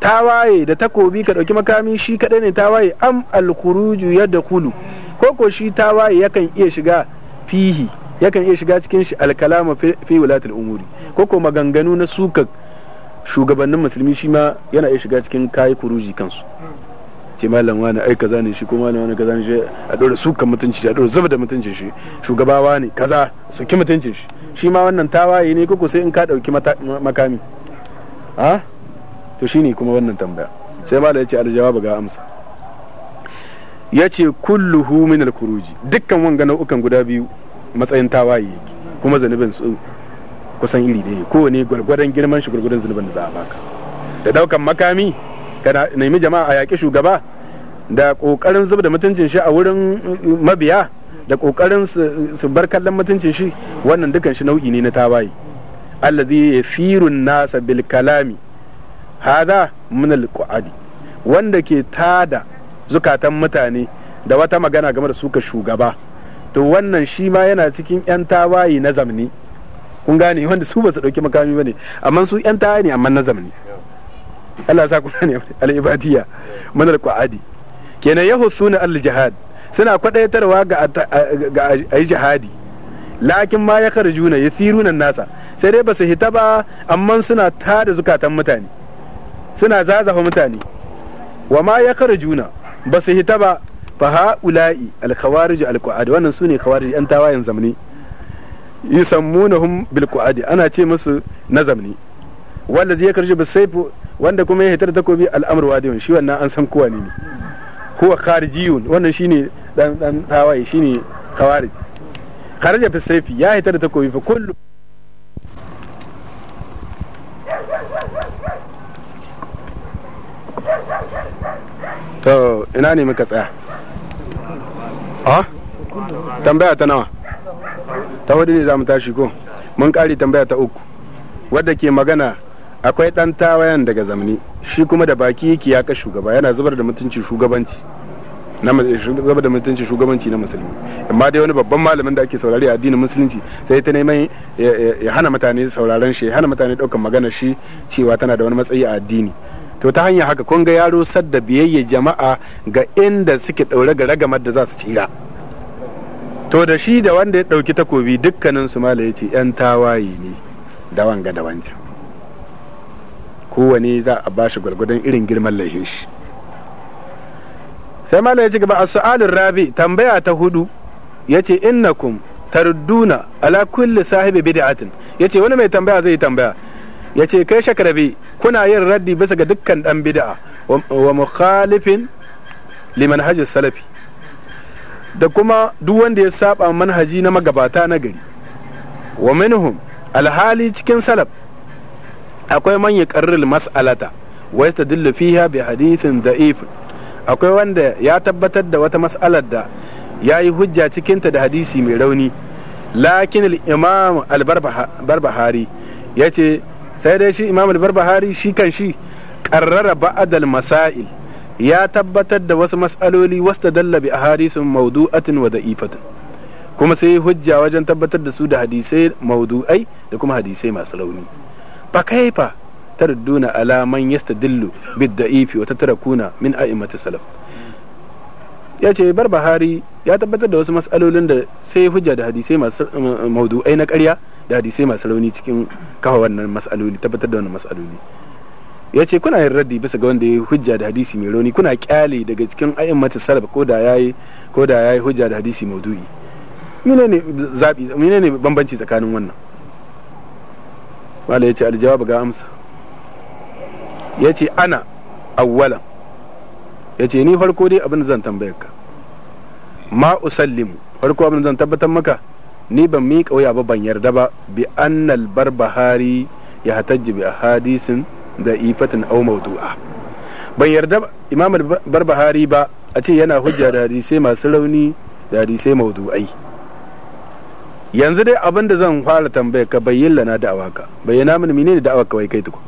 Speaker 1: tawaye da takobi ka ɗauki makami shi kadai ne tawaye am al-khuruj yadkhulu ko ko shi tawaye yakan iya shiga fihi yakan iya shiga cikin shi al-kalamu fi wilatil umuri ko ko maganganu na sukak shugabannin musulmi shi ma yana iya shiga cikin kayi kuruji kansu ce malam wani ai kaza ne shi ko malam wani kaza ne shi a dora sukan mutunci shi a dora zuba da mutunci shi shugabawa ne kaza soki mutunci shi shi ma wannan tawaye ne koko sai in ka dauki makami a to ne kuma wannan tambaya sai malam yace aljawab ga amsa ya ce kulluhu min al-khuruji dukkan wanga nau'ukan guda biyu matsayin tawaye yake kuma zanubin su kusan iri ko ne gwargwadon girman shi gwargwadon zunubin da za a baka da daukan makami kana nemi jama'a a yaƙi shugaba da ƙoƙarin zub da mutuncin shi a wurin mm, mm, mabiya da ƙoƙarin su bar kallon mutuncin shi wannan dukan shi nau'i ne na tawaye allazi yasirun nasa bil kalami hada min al wanda ke tada zukatan mutane da wata magana game da suka shugaba to wannan shi ma yana cikin 'yan tawaye na zamni kun gane wanda su ba su dauki makami bane amma su yan taya ne amma na zamani Allah sa kun gane al-ibadiyya man qaadi kenan yahussuna al-jihad suna kwadaitarwa ga ga ayi jihadi lakin ma ya karjuna ya nasa sai dai ba su hita ba amma suna tada zukatan mutane suna zazafa mutane wa ma ya karjuna ba su hita ba fa ula'i al-khawarij al-qa'ad wannan sune khawarij yan tawayen zamani yusammunahum bil qu'adi ana ce musu nazam ne wanda zai karshe bi saifu wanda kuma ya hitar takobi al'amr wadiyun shi wannan an san kowa ne ne huwa kharijiyun wannan shine dan dan tawaye shine khawarij kharaja fi saifi ya hitar takobi fa kullu to ina ne muka tsaya ah tambaya ta nawa ta hudu ne za mu tashi ko mun kare tambaya ta uku wadda ke magana akwai dan tawayan daga zamani shi kuma da baki yake ya ka shugaba yana zubar da mutunci shugabanci na zubar da mutunci shugabanci na musulmi amma dai wani babban malamin da ake saurari a addinin musulunci sai ta neman ya hana mutane sauraron shi ya hana mutane ɗaukan magana shi cewa tana da wani matsayi a addini to ta hanyar haka kun ga yaro sadda biyayya jama'a ga inda suke daure ga ragamar da za su tsira to da shi da wanda ya ɗauki takobi dukkanin su mala ya ce 'yan tawaye ne da wanga da wancan kowane za a ba shi gwargwadon irin girman laihin shi sai mala ya ci gaba a su'alin rabi tambaya ta hudu ya ce innakum tarduna ala kulli sahibi bid'atin ya ce wani mai tambaya zai tambaya ya ce kai shakarabi kuna yin raddi bisa ga dukkan dan bid'a wa mukhalifin liman hajji salafi da kuma duk wanda ya saba manhaji na magabata na gari wa minhum alhali cikin salaf akwai man yaqarril mas'alata wa yastadillu fiha bi hadithin da'if akwai wanda ya tabbatar da wata mas'alar da ya yi hujja cikinta da hadisi mai rauni lakin imam albarbahari ya ce sai dai shi imam Buhari shi kan shi ƙarrara ba'adal masail ya tabbatar da wasu mas'aloli wasta dalla bi ahadisun mawdu'atin wa da'ifatin kuma sai hujja wajen tabbatar da su da hadisai mawdu'ai da kuma hadisai masu rauni fa kaifa tarduna ala man yastadillu bid da'ifi wa tatrakuna min a'immati salaf ya ce bar bahari ya tabbatar da wasu matsalolin da sai hujja da hadisai masu um, maudu'ai na karya da hadisai masu rauni cikin kawo wannan matsaloli tabbatar da wannan matsaloli ya ce kuna yin raddi bisa ga wanda ya yi hujja da hadisi mai rauni kuna kyale daga cikin ayin mata salaf ko da yayi ko da yayi hujja da hadisi maudu'i menene zabi menene bambanci tsakanin wannan wala yace aljawab ga amsa yace ana awwalan yace ni farko dai abin zan tambayar ka ma usallimu farko abin zan tabbatar maka ni ban mi kauya ba ban yarda ba bi annal barbahari ya hatajji bi ahadisin da ifatin au maudu'a ban yarda imam barbahari ba a ce yana hujja da hadisai masu rauni da hadisai maudu'ai. yanzu dai abin da zan fara tambaya ka bayyana lana da'awa ka bayyana mini ne da'awa kawai kai tuku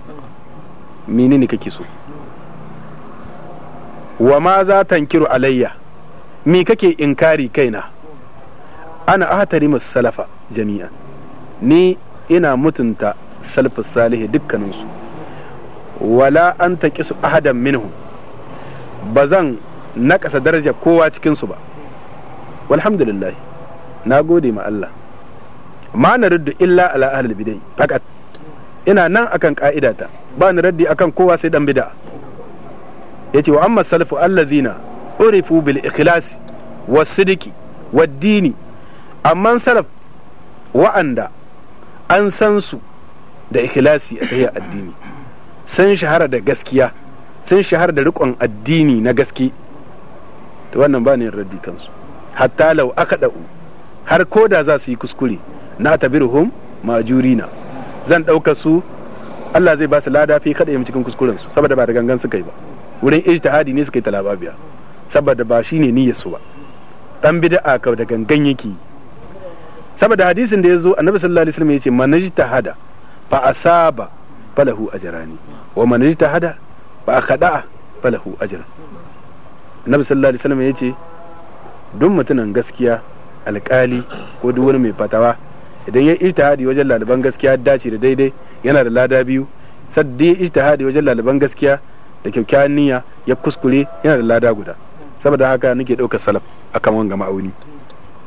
Speaker 1: ne kake so wa ma za tankiru alayya me kake inkari kaina ana masu salafa jami'an ni ina mutunta salafus salihi dukkaninsu wala an su ahadan minhu ba zan naƙasa daraja kowa cikinsu ba walhamdulillah na gode ma Allah ma na ruddu illa ala ahlul bidai fakat ina nan akan ka'idata ba ni raddi akan kowa sai dan bid'a yace wa amma salafu allazina urifu bil ikhlas was sidiki wad dini amma salaf wa'anda an san su da ikhlasi a addini sun shahara da gaskiya sun shahara da rikon addini na gaske to wannan ba ne raddi kansu hatta lau aka da'u har ko da za su yi kuskure na tabirhum majurina zan ɗauka su Allah zai ba su lada fi kada yin cikin kuskuren su saboda ba da gangan suka yi ba wurin ijtihadi ne suka yi talababiya saboda ba shine niyyar su ba dan bid'a ka da gangan yake saboda hadisin da ya zo annabi sallallahu alaihi wasallam ya ce man ijtahada fa asaba falahu ajrani wa man ijtahada fa akhada'a falahu ajran annabi sallallahu alaihi wasallam yace duk mutumin gaskiya alkali ko duk wani mai fatawa idan ya ijtihadi wajen laliban gaskiya dace da daidai yana da lada biyu sadda ya ijtihadi wajen laliban gaskiya da kyakkyawan niyya ya kuskure yana da lada guda saboda haka nake ɗaukar salaf a akan wanga ma'auni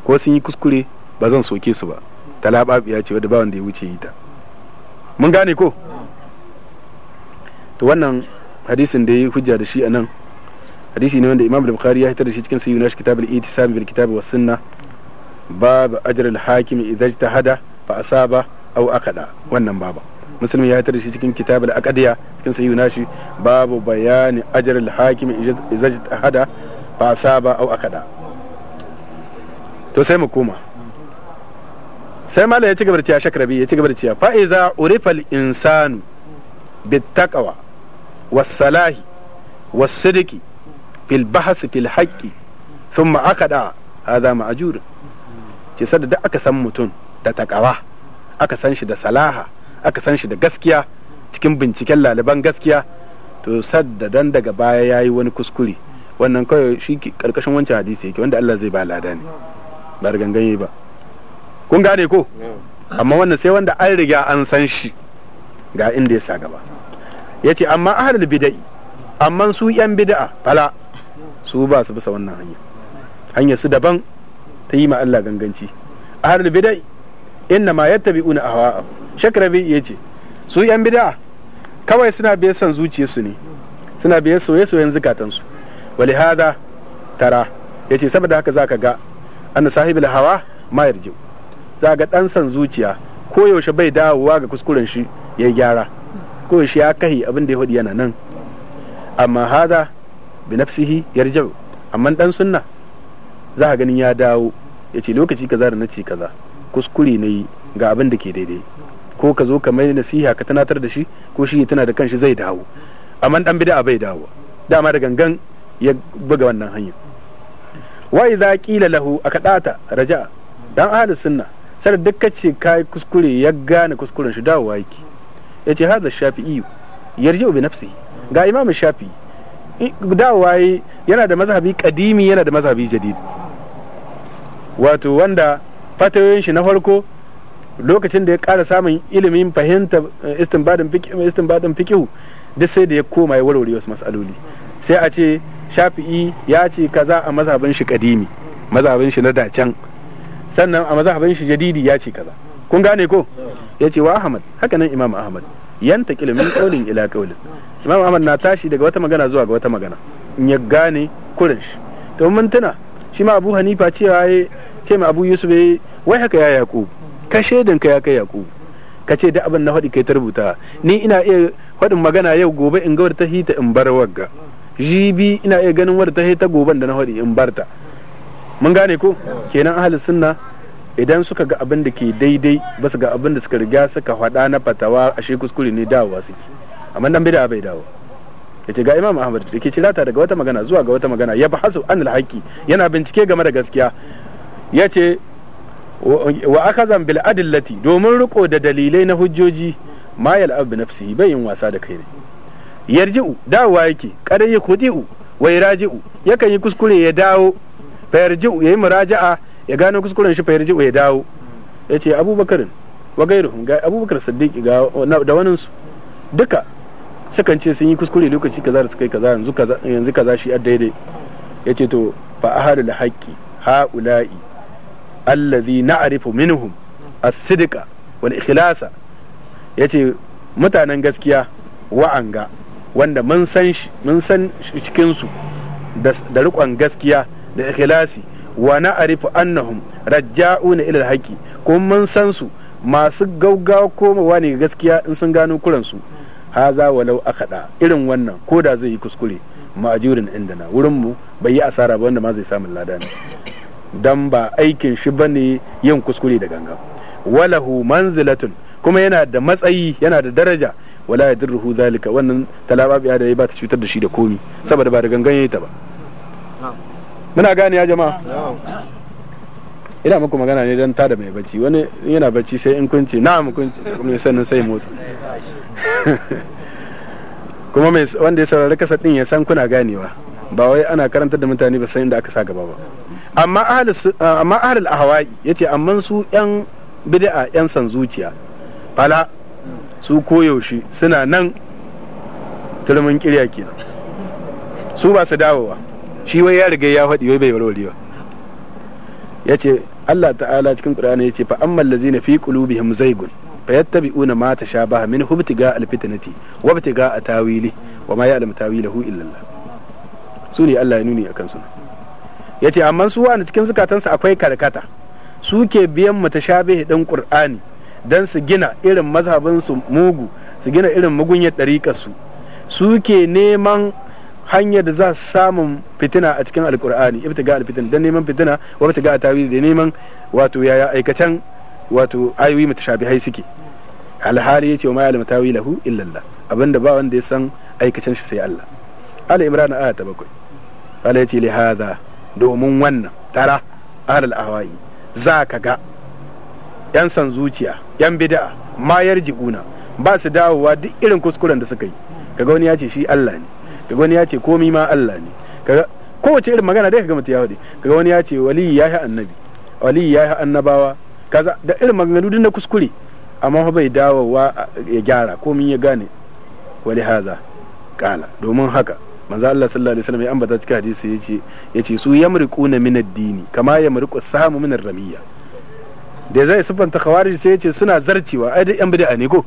Speaker 1: ko sun yi kuskure ba zan soke su ba talababiya ce wadda ba wanda ya wuce yi ta mun gane ko to wannan hadisin da ya yi hujja da shi a nan hadisi ne wanda imam bukhari ya hitar da shi cikin sayyid nashi kitab al-itisam bil kitab was sunna Babu ajr al-hakim ta hada fa asaba aw akada wannan baba muslim ya hitar da shi cikin kitab al-aqdiya cikin sayyid nashi babu bayani ajr al-hakim ta hada fa asaba aw akada to sai mu koma sai malam ya ci gaba da ciya shakrabi ya ci gaba da ciya fa iza urifa al-insanu bittaqwa والصلاح والصدق في البحث في الحق ثم أكد هذا مأجور ce sadda da aka san mutum da takawa aka san shi da salaha aka san shi da gaskiya cikin binciken laliban gaskiya to sadda dan daga baya ya yi wani kuskure wannan kawai shi karkashin wancan hadisi yake wanda Allah zai ba lada ne ba ganganye ba kun gane ko amma wannan sai wanda an riga an san shi ga inda ya sa gaba Ya ce amma ahal bida'i amma su yan bida'a fala su ba su bisa wannan hanya hanya su daban ta yi ma Allah ganganci ahal bida'i inna ma bi yattabi'una ahwa'a shakrabi ce su yan bida'a kawai suna biye son zuciyarsu ne suna biye soye-soyen zukatansu wali hada tara ya ce saboda haka zaka ga anna sahibul hawa ma yarjiu za ga dan san zuciya koyaushe bai dawowa ga kuskuren shi ya gyara ko shi ya kahi abin da ya faɗi yana nan amma haza bi nafsihi yarja'u amma dan sunna za ka ganin ya dawo ya ce lokaci kaza da na ce kaza kuskure na yi ga abin da ke daidai ko ka zo ka mai nasiha ka tunatar da shi ko shi tana da kanshi zai dawo amma dan bid'a bai dawo dama da gangan ya buga wannan hanya wa idza qila lahu akadata raja dan ahlus sunna sai dukkan ce kai kuskure ya gane kuskuren shi dawo yake yace hadha shafi'i yarji'u bi nafsi ga imam shafi'i da waye yana da mazhabi kadimi yana da mazhabi jadid wato wanda fatayoyin shi na farko lokacin da ya kara samun ilimin fahimta eh, istinbadin fikihu duk sai da ya koma ya warware wasu matsaloli sai a ce shafi'i ya ce kaza a mazhabin shi kadimi mazhabin shi na dacen sannan a mazhabin shi jadidi ya ce kaza kun gane ko ya ce wa ahmad haka nan imam ahmad yanta min qaulin ila qaulin imam ahmad na tashi daga wata magana zuwa ga wata magana in ya gane kurin shi to mun tuna shi ma abu hanifa cewa ya ce ma abu yusuf ya wai haka ya yaqub ka shaidan ka ya kai yaqub ka ce da abin na faɗi kai ta rubuta ni ina iya faɗin magana yau gobe in ga wadda ta hita in bar wagga jibi ina iya ganin wadda ta hita goben da na faɗi in barta mun gane ko kenan ahlus sunna idan suka ga abin da ke daidai ba su ga abin da suka riga suka faɗa na fatawa ashe kuskure ne dawowa suke amma dan bid'a bai dawo yace ga imam ahmad da ke cirata daga wata magana zuwa ga wata magana ya bahasu an alhaki yana bincike game da gaskiya yace wa akhazan bil adillati domin riko da dalilai na hujjoji ma yal'ab na nafsihi bai yin wasa da kai ne yarji'u dawowa yake kada ya kudi'u wa ya yakan yi kuskure ya dawo fa ya yi muraja'a ya gano kuskuren shi fa yarji ya dawo ya ce abubakar wa gairuhum ga abubakar siddiq ga da wani su duka sukan ce sun yi kuskure lokaci kaza da suka yi kaza yanzu kaza yanzu kaza shi a daidai ya ce to fa da haqqi haula'i allazi na'rifu minhum as-sidqa wal ikhlasa ce mutanen gaskiya wa'anga wanda mun san mun san cikin su da riƙon gaskiya da ikhlasi wa arifu annahum na ila alhaqi kuma mun san su masu gaugawa komawa ne gaskiya in sun gano kuran su haza walau akada irin wannan ko da zai yi kuskure ma'ajurin indana wurin mu bai yi asara ba wanda ma zai samu lada ne dan ba aikin shi bane yin kuskure da ganga walahu manzilatun kuma yana da matsayi yana da daraja wala yadurruhu zalika wannan talaba biya da ya ba ta cutar da shi da komi saboda ba da gangan yayi ta ba muna gane ya jama'a ina muku magana ne don tada mai bacci wani yana bacci sai in kunci na mu kunci kuma sannan sai motsa kuma mai wanda ya saurari kasa din ya san kuna ganewa ba wai ana karantar da mutane ba san inda aka sa gaba ba amma ahlul Ya ce amma su yan bid'a yan san zuciya fala su koyaushe suna nan turmin kirya kenan su ba su dawowa shi wai ya riga ya faɗi wai bai warware ba ya ce Allah ta'ala cikin Qur'ani ya ce fa ammal ladzina fi qulubihim zaygun yattabi'una ma tashabaha min hubtiga alfitnati wa btiga atawili wa ma ya'lamu tawilahu illa Allah su ne Allah ya nuni akan su ya ce amma su wani cikin zukatansu akwai karkata su ke biyan mutashabihi din Qur'ani dan su gina irin mazhabin su mugu su gina irin mugunyar ɗariƙar su su ke neman hanyar da za su samun fitina a cikin alkur'ani ibtiga alfitin dan neman fitina wa ibtiga tawili da neman wato yaya aikacen wato ayoyi mutashabihai suke alhali yace wa ma ya'lamu tawilahu illa Allah abinda ba wanda ya san aikacen shi sai Allah Ali Imran aya ta bakwai Allah yace li hadha domin wannan tara ahlul ahwa'i za ka ga yan san zuciya yan bid'a ma yarjiuna ba su dawowa duk irin kuskuren da suka yi kaga wani ya ce shi Allah ne kaga wani ya ce komi ma Allah ne kaga kowace irin magana dai kaga mutum ya faɗi kaga wani ya ce waliyi ya annabi waliyi ya annabawa kaza da irin maganganu din na kuskure amma fa bai dawowa ya gyara komi ya gane wali haza kala domin haka manzo Allah sallallahu alaihi wasallam ya ambata cikin hadisi yace yace su yamriquna min ad-dini kama yamriqu samu min ar-ramiyya da zai sifanta khawarij sai yace suna zarcewa ai duk yan bid'a ne ko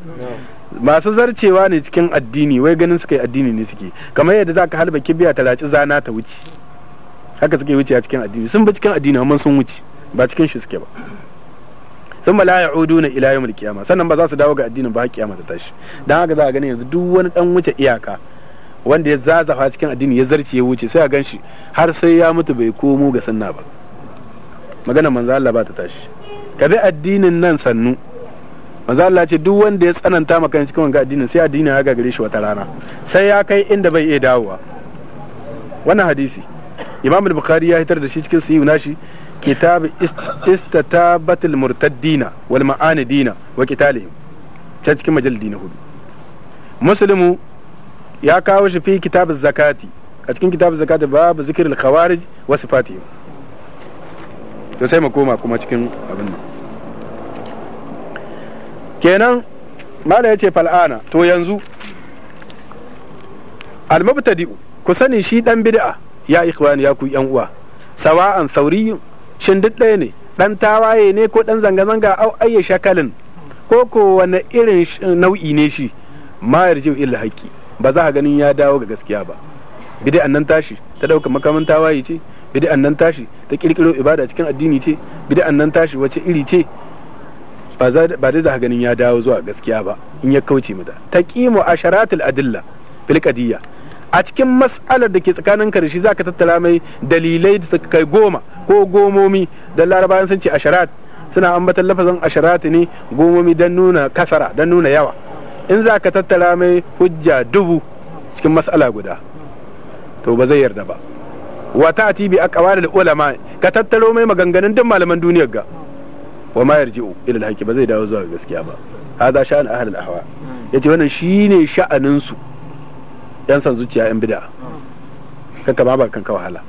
Speaker 1: masu zarcewa ne cikin addini wai ganin suka yi addini ne suke kamar yadda za ka halba kibiya ta laci zana ta wuce haka suke wuce a cikin addini sun bi cikin addini amma sun wuce ba cikin shi suke ba sun ba la na ila yawmil qiyamah sannan ba za su dawo ga addinin ba har kiyama ta tashi don haka za a gani yanzu duk wani dan wuce iyaka wanda ya zazafa cikin addini ya zarce ya wuce sai a gan shi har sai ya mutu bai komo ga sunna ba magana manzo Allah ba ta tashi ka bi addinin nan sannu manzo Allah ce duk wanda ya tsananta maka cikin wanga addini sai addini ya gagare shi wata rana sai ya kai inda bai iya dawowa wannan hadisi imam al-bukhari ya hitar da shi cikin sahihu nashi kitab istatabatul murtaddina wal ma'anidina wa qitalihim can cikin majalidi na hudu muslimu ya kawo shi fi kitab zakati a cikin kitab zakati babu al khawarij wa sifatihim to sai mu koma kuma cikin abin nan kenan mala ya ce fal'ana to yanzu almubtadi'u ku sani shi dan bid'a ya ikhwani ya ku yan uwa sawa'an sauri shin duk ɗaya ne dan tawaye ne ko dan zanga-zanga au ayya shakalin ko ko wani irin nau'i ne shi ma yarjiu illa ba za ka ganin ya dawo ga gaskiya ba bid'an nan tashi ta ɗauka makaman tawaye ce bid'an nan tashi ta kirkiro ibada cikin addini ce bid'an nan tashi wace iri ce ba dai za ganin ya dawo zuwa gaskiya ba in ya kauce mata a asharatul adilla fil qadiyya a cikin mas'alar da ke tsakanin ka da shi zaka tattara mai dalilai da suka kai goma ko gomomi da larabawan sun ce asharat suna ambatan lafazin asharat ne gomomi dan nuna kasara dan nuna yawa in zaka tattara mai hujja dubu cikin mas'ala guda to ba zai yarda ba wa ta'ati bi aqwalil ulama ka tattaro mai maganganun duk malaman duniyar ga wa ma yarji ila alhaqi ba zai dawo zuwa ga gaskiya ba hada sha'an ahlul ahwa yace wannan shine sha'anin su yan san zuciya yan bid'a kanka ba ba kanka wahala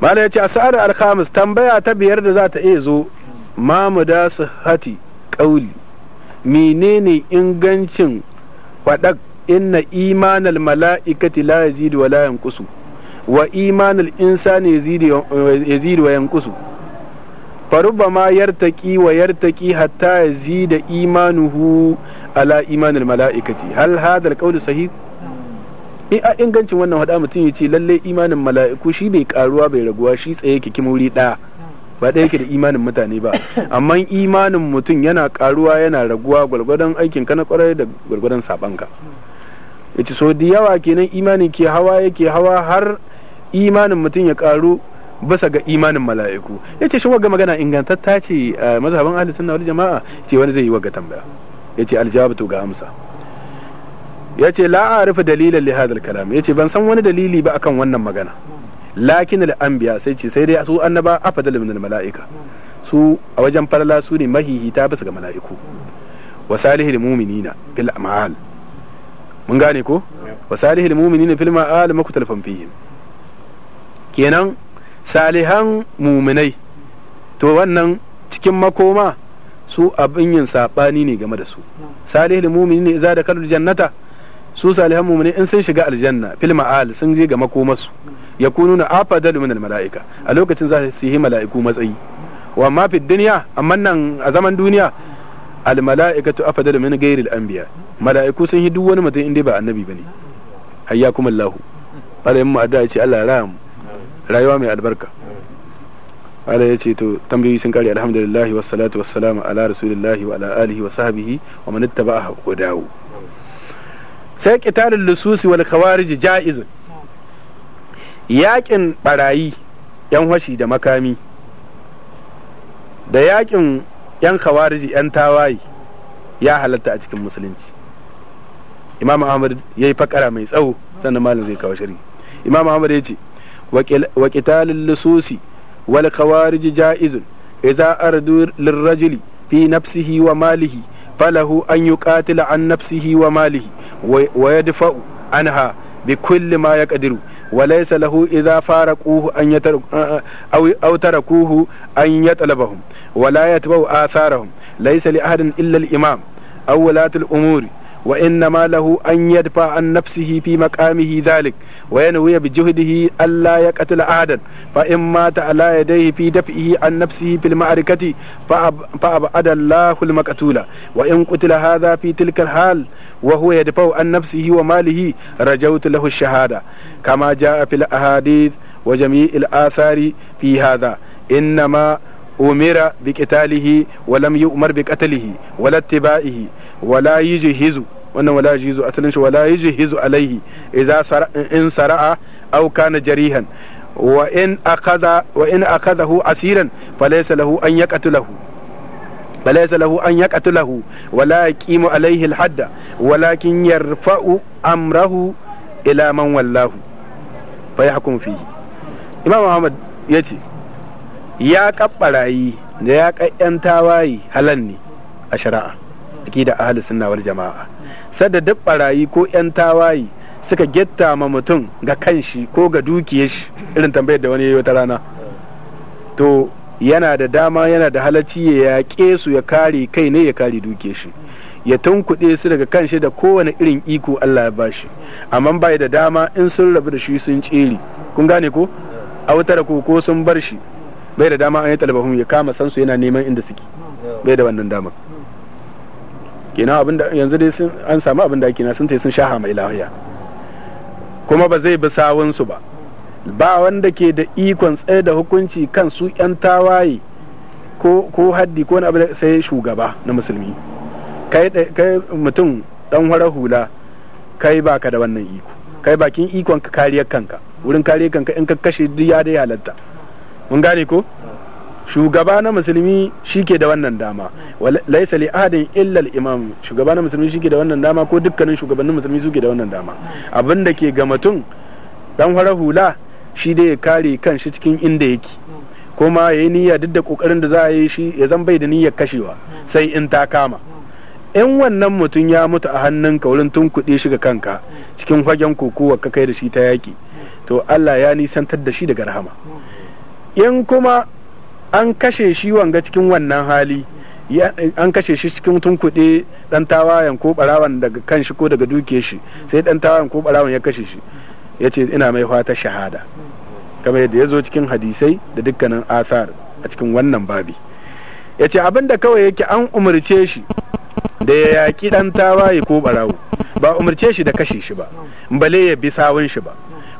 Speaker 1: mala yace asar al-khamis tambaya ta biyar da za ta iya zo ma su hati qauli menene ingancin wadak inna imanal mala'ikati la yazidu wa la yanqusu wa imanal insani yazidu wa yanqusu yartaki hatta yartaki حتى يزيد imanuhu ala إيمان الملائكة hal hada القول sahih in a ingancin wannan hada mutum ya ce lallai imanin mala'iku shi bai karuwa bai raguwa shi tsaye ke wuri ɗaya ba ɗaya yake da imanin mutane ba amma imanin mutum yana karuwa yana raguwa gwargwadon aikin ka na kwarar da gwargwadon sabanka ya ce so da yawa kenan imanin ke hawa yake hawa har imanin mutum ya karu bisa ga imanin mala'iku ce shi wagga magana ingantatta ce a eh, mazhaban ahli sunna wal jama'a ce wani zai yi wagga tambaya ya ce to ga amsa Ya ce la rufe dalilan li hadha kalam ce ban san wani dalili ba akan wannan magana lakin al anbiya sai ce sai dai su annaba afdal min al mala'ika su a wajen farla su ne mahihita bisa ga mala'iku wa salihil mu'minina fil a'mal mun gane ko wa salihil mu'minina fil ma'al makutalfan fihim kenan salihan muminai to wannan cikin makoma su abin yin saɓani ne game da su salihul mumini ne za da kalul jannata su salihan mumini in sun shiga aljanna fil ma'al sun je ga su ya kunu na afadal min mala'ika a lokacin za su yi mala'iku matsayi wa ma fi duniya amma nan a zaman duniya al mala'ikatu afadal min ghairil anbiya mala'iku sun yi duk wani mutum inda ba annabi bane hayyakumullahu alayyum mu addu'a ce Allah ya raya mu rayuwa mai albarka ala ya ce to tambayoyi sun kare alhamdulillah wassalatu wassalamu ala rasulillah wa ala alihi wa sahbihi wa man wa hudahu sai qitalul lususi wal khawarij jaizun yakin barayi yan washi da makami da yakin yan khawarij yan tawayi ya halatta a cikin musulunci imam ahmad yayi fakara mai tsawo sannan malam zai kawo shari imam ahmad ya ce وقتال اللصوص والخوارج جائز إذا أردوا للرجل في نفسه وماله فله أن يقاتل عن نفسه وماله ويدفع عنها بكل ما يقدر وليس له إذا فارقوه أن أو, أو تركوه أن يطلبهم ولا يتبع آثارهم ليس لأحد إلا الإمام أو ولاة الأمور وإنما له أن يدفع عن نفسه في مقامه ذلك وينوي بجهده ألا يقتل أحدا فإن مات على يديه في دفعه عن نفسه في المعركة فأبعد الله المقتول وإن قتل هذا في تلك الحال وهو يدفع عن نفسه وماله رجوت له الشهادة كما جاء في الأحاديث وجميع الآثار في هذا إنما أمر بقتاله ولم يؤمر بقتله ولا اتباعه ولا يجهز وانا ولا يجهز اصلا ولا يجهز عليه اذا سرع ان سرع او كان جريها وان اخذ وان اخذه اسيرا فليس له ان يقتله فليس له ان يقتله ولا يقيم عليه الحد ولكن يرفع امره الى من والله فيحكم فيه امام محمد يتي يا كبراي يا كأنتاواي هلني الشرائع aqida ahli sunna wal jama'a sadda duk barayi ko yan tawayi suka getta ma mutum ga kanshi ko ga dukiyar shi irin tambayar da wani yayi wata rana to yana da dama yana da halacci ya yaƙe su ya kare kai ne ya kare dukiyar shi ya tunkuɗe su daga kanshi da kowane irin iko Allah ya bashi amma bai da dama in sun rabu da shi sun tsere kun gane ko a wutar ko ko sun bar shi bai da dama an yi talabahun ya kama sansu yana neman inda suke bai da wannan damar kenan abin yanzu dai sun an samu abin da kenan sun tai sun shaha mai lafiya kuma ba zai bi sawun su ba ba wanda ke da ikon tsaye da hukunci kan su yan tawaye ko ko haddi ko wani abu da sai shugaba na musulmi kai kai mutum dan hura hula kai baka da wannan iko kai bakin ikon ka kariyar kanka wurin kariyar kanka in ka kashe duk ya da halatta mun gane ko shugaba na musulmi shike da wannan dama laisa li ahadin illa imam shugaba na musulmi shike da wannan dama ko dukkanin shugabannin musulmi suke da wannan dama abin da ke ga mutum dan fara hula shi dai ya kare kan shi cikin inda yake kuma ya yi niyya duk da kokarin da za a yi shi ya zan bai da niyyar kashewa sai in ta kama in wannan mutum ya mutu a hannunka wurin tun kuɗi shiga kanka cikin fagen kokowa ka kai da shi ta yaki. to Allah ya nisantar da shi daga rahama in kuma an kashe shi wanga cikin wannan hali an kashe shi cikin tunkuɗe ɗan tawayen ko ɓarawan daga kan shi ko daga duke shi sai ɗan tawayen ko ɓarawan ya kashe shi ya ce ina mai fata shahada kamar yadda ya zo cikin hadisai da dukkanin athar a cikin wannan babi ya ce abin da kawai yake an umarce shi da ya yaƙi ɗan tawaye ko ɓarawo ba umarce shi da kashe shi ba bale ya bi sawun shi ba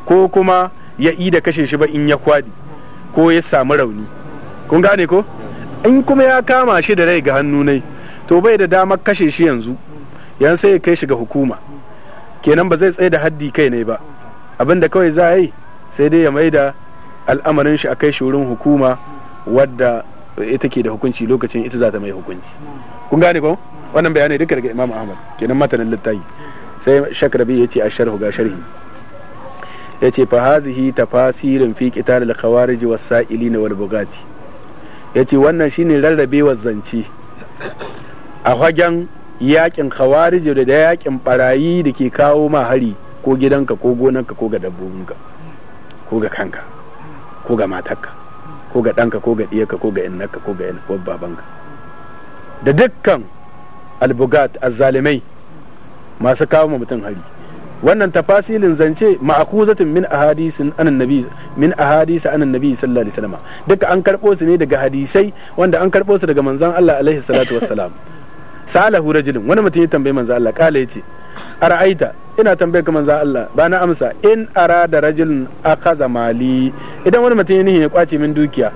Speaker 1: ko kuma ya yi da kashe shi ba in ya kwadi ko ya samu rauni kun gane ko in kuma ya kama shi da rai ga hannu nai to bai da damar kashe shi yanzu yan sai ya kai shi ga hukuma kenan ba zai tsaye da haddi kai ne ba abin da kawai za yi sai dai ya mai da al'amarin shi a kai shi wurin hukuma wadda ita ke da hukunci lokacin ita za ta mai hukunci kun gane ko wannan bayanai duka daga imam ahmad kenan matanin littafi sai shakrabi ya ce a sharhu ga sharhi ya ce fa hazihi tafasirin fi qital al khawarij was sa'ilin wal bugati ya ce wannan shine rarrabewar zance a fagen yakin khawarij da da yakin barayi da ke kawo ma hari ko gidanka ko gonanka ko ga dabbobinka ko ga kanka ko ga matarka ko ga ɗanka ko ga ɗiyarka ko ga innarka ko ga ko babanka da dukkan albugat azzalimai masu kawo ma mutum hari wannan tafasilin zance ma'akuzatun min ahadisin anan nabi min ahadisi anan nabi sallallahu alaihi wasallam duka an karbo su ne daga hadisai wanda an karbo su daga manzon Allah alaihi salatu wassalam salahu rajulin wani mutum ya tambaye manzon Allah kala yace ara'aita ina tambayar ka manzon Allah ba na amsa in arada a akaza mali idan wani mutum ya nihi ya kwace min dukiya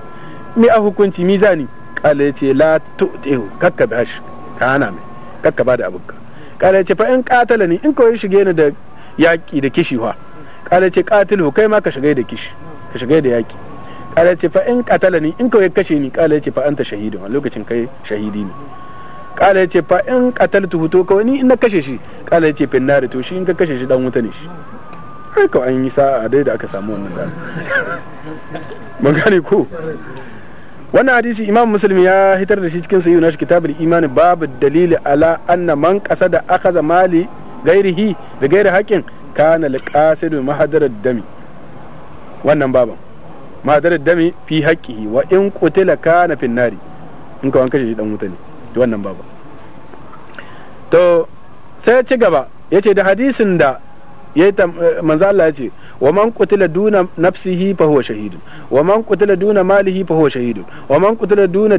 Speaker 1: mi a hukunci mizani kala yace la tu'tihu kakka bashi kana mai kakka ba da abukka kala yace fa in katala ni in koyi shige ni da yaƙi da kishi fa kala ce qatilu kai ma ka shiga da kishi ka shiga da yaƙi kala ce fa in ni in kawai kashe ni kala ce fa anta shahidun a lokacin kai shahidi ne kala ce fa in qataltuhu to kawai ni in na kashe shi kala ce fa nari to shi in ka kashe shi dan wuta ne shi ai kawai an yi sa'a dai da aka samu wannan da mun gane ko wannan hadisi imam muslim ya hitar da shi cikin na shi kitabul iman babu dalili ala anna man qasada akaza mali gairihi da gairi haƙin kana liqasidu mahadarar dami wannan baban mahadarar dami fi haqqihi wa in qutila kana fi nari in ka wanka shi dan wuta ne to wannan baban to sai ya ci gaba ya ce da hadisin da ya yi eh, manzo Allah ya ce wa man qutila duna nafsihi fa huwa shahidun wa man qutila duna malihi fa huwa shahidun wa man qutila duna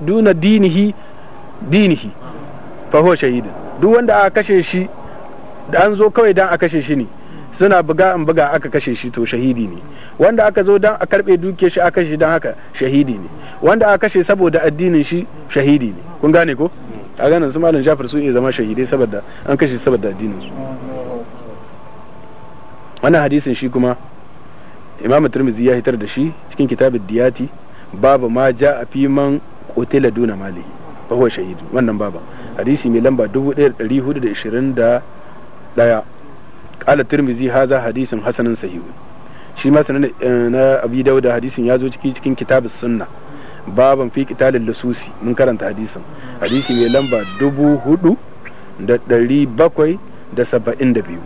Speaker 1: duna dinihi dinihi fa huwa shahidun duk wanda aka kashe shi da an zo kawai dan a kashe shi ne suna buga in buga aka kashe shi to shahidi ne wanda aka zo dan a karbe duke shi aka shi dan haka shahidi ne wanda aka kashe saboda addinin shi shahidi ne kun gane ko a ganin su malam Jafar su iya zama shahidai saboda an kashe saboda addinin su wannan hadisin shi kuma Imam Tirmidhi ya hitar da shi cikin kitabin Diyati babu ma ja a man kotila duna malihi fa huwa shahid wannan baba hadisi mai lamba da. daya kala tirmizi haza hadisin hasanin sahihu shi ma sanan eh, na abi dauda hadisin ya zo ciki cikin kitabus sunna baban fi qitalil lususi mun karanta hadisin hadisi mai lamba dubu hudu da dari bakwai da saba'in da biyu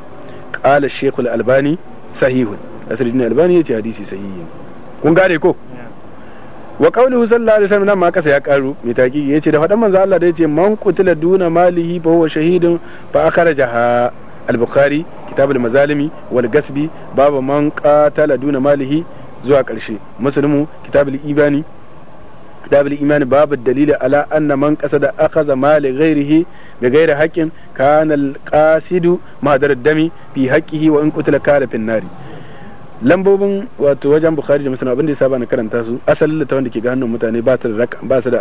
Speaker 1: Kala shekul albani sahihun asirin albani ya hadisi sahihi kun gane ko wa qawluhu sallallahu alaihi wasallam ma kasa ya karu mai taki yace da fadan manzo Allah da yace man qutila duna malihi fa huwa shahidun fa akhrajaha al-bukhari kitab mazalimi wal gasbi babu man qatala duna malihi zuwa ƙarshe muslimu kitab ibani kitab imani babu dalili ala anna man da akhadha mali ghairihi bi ghairi haqqin kana al-qasidu dami fi haqqihi wa in qutila Kala fi lambobin wato wajen bukhari da muslim abin da ya saba na karanta su asalin da ta wanda ke ga hannun mutane ba su da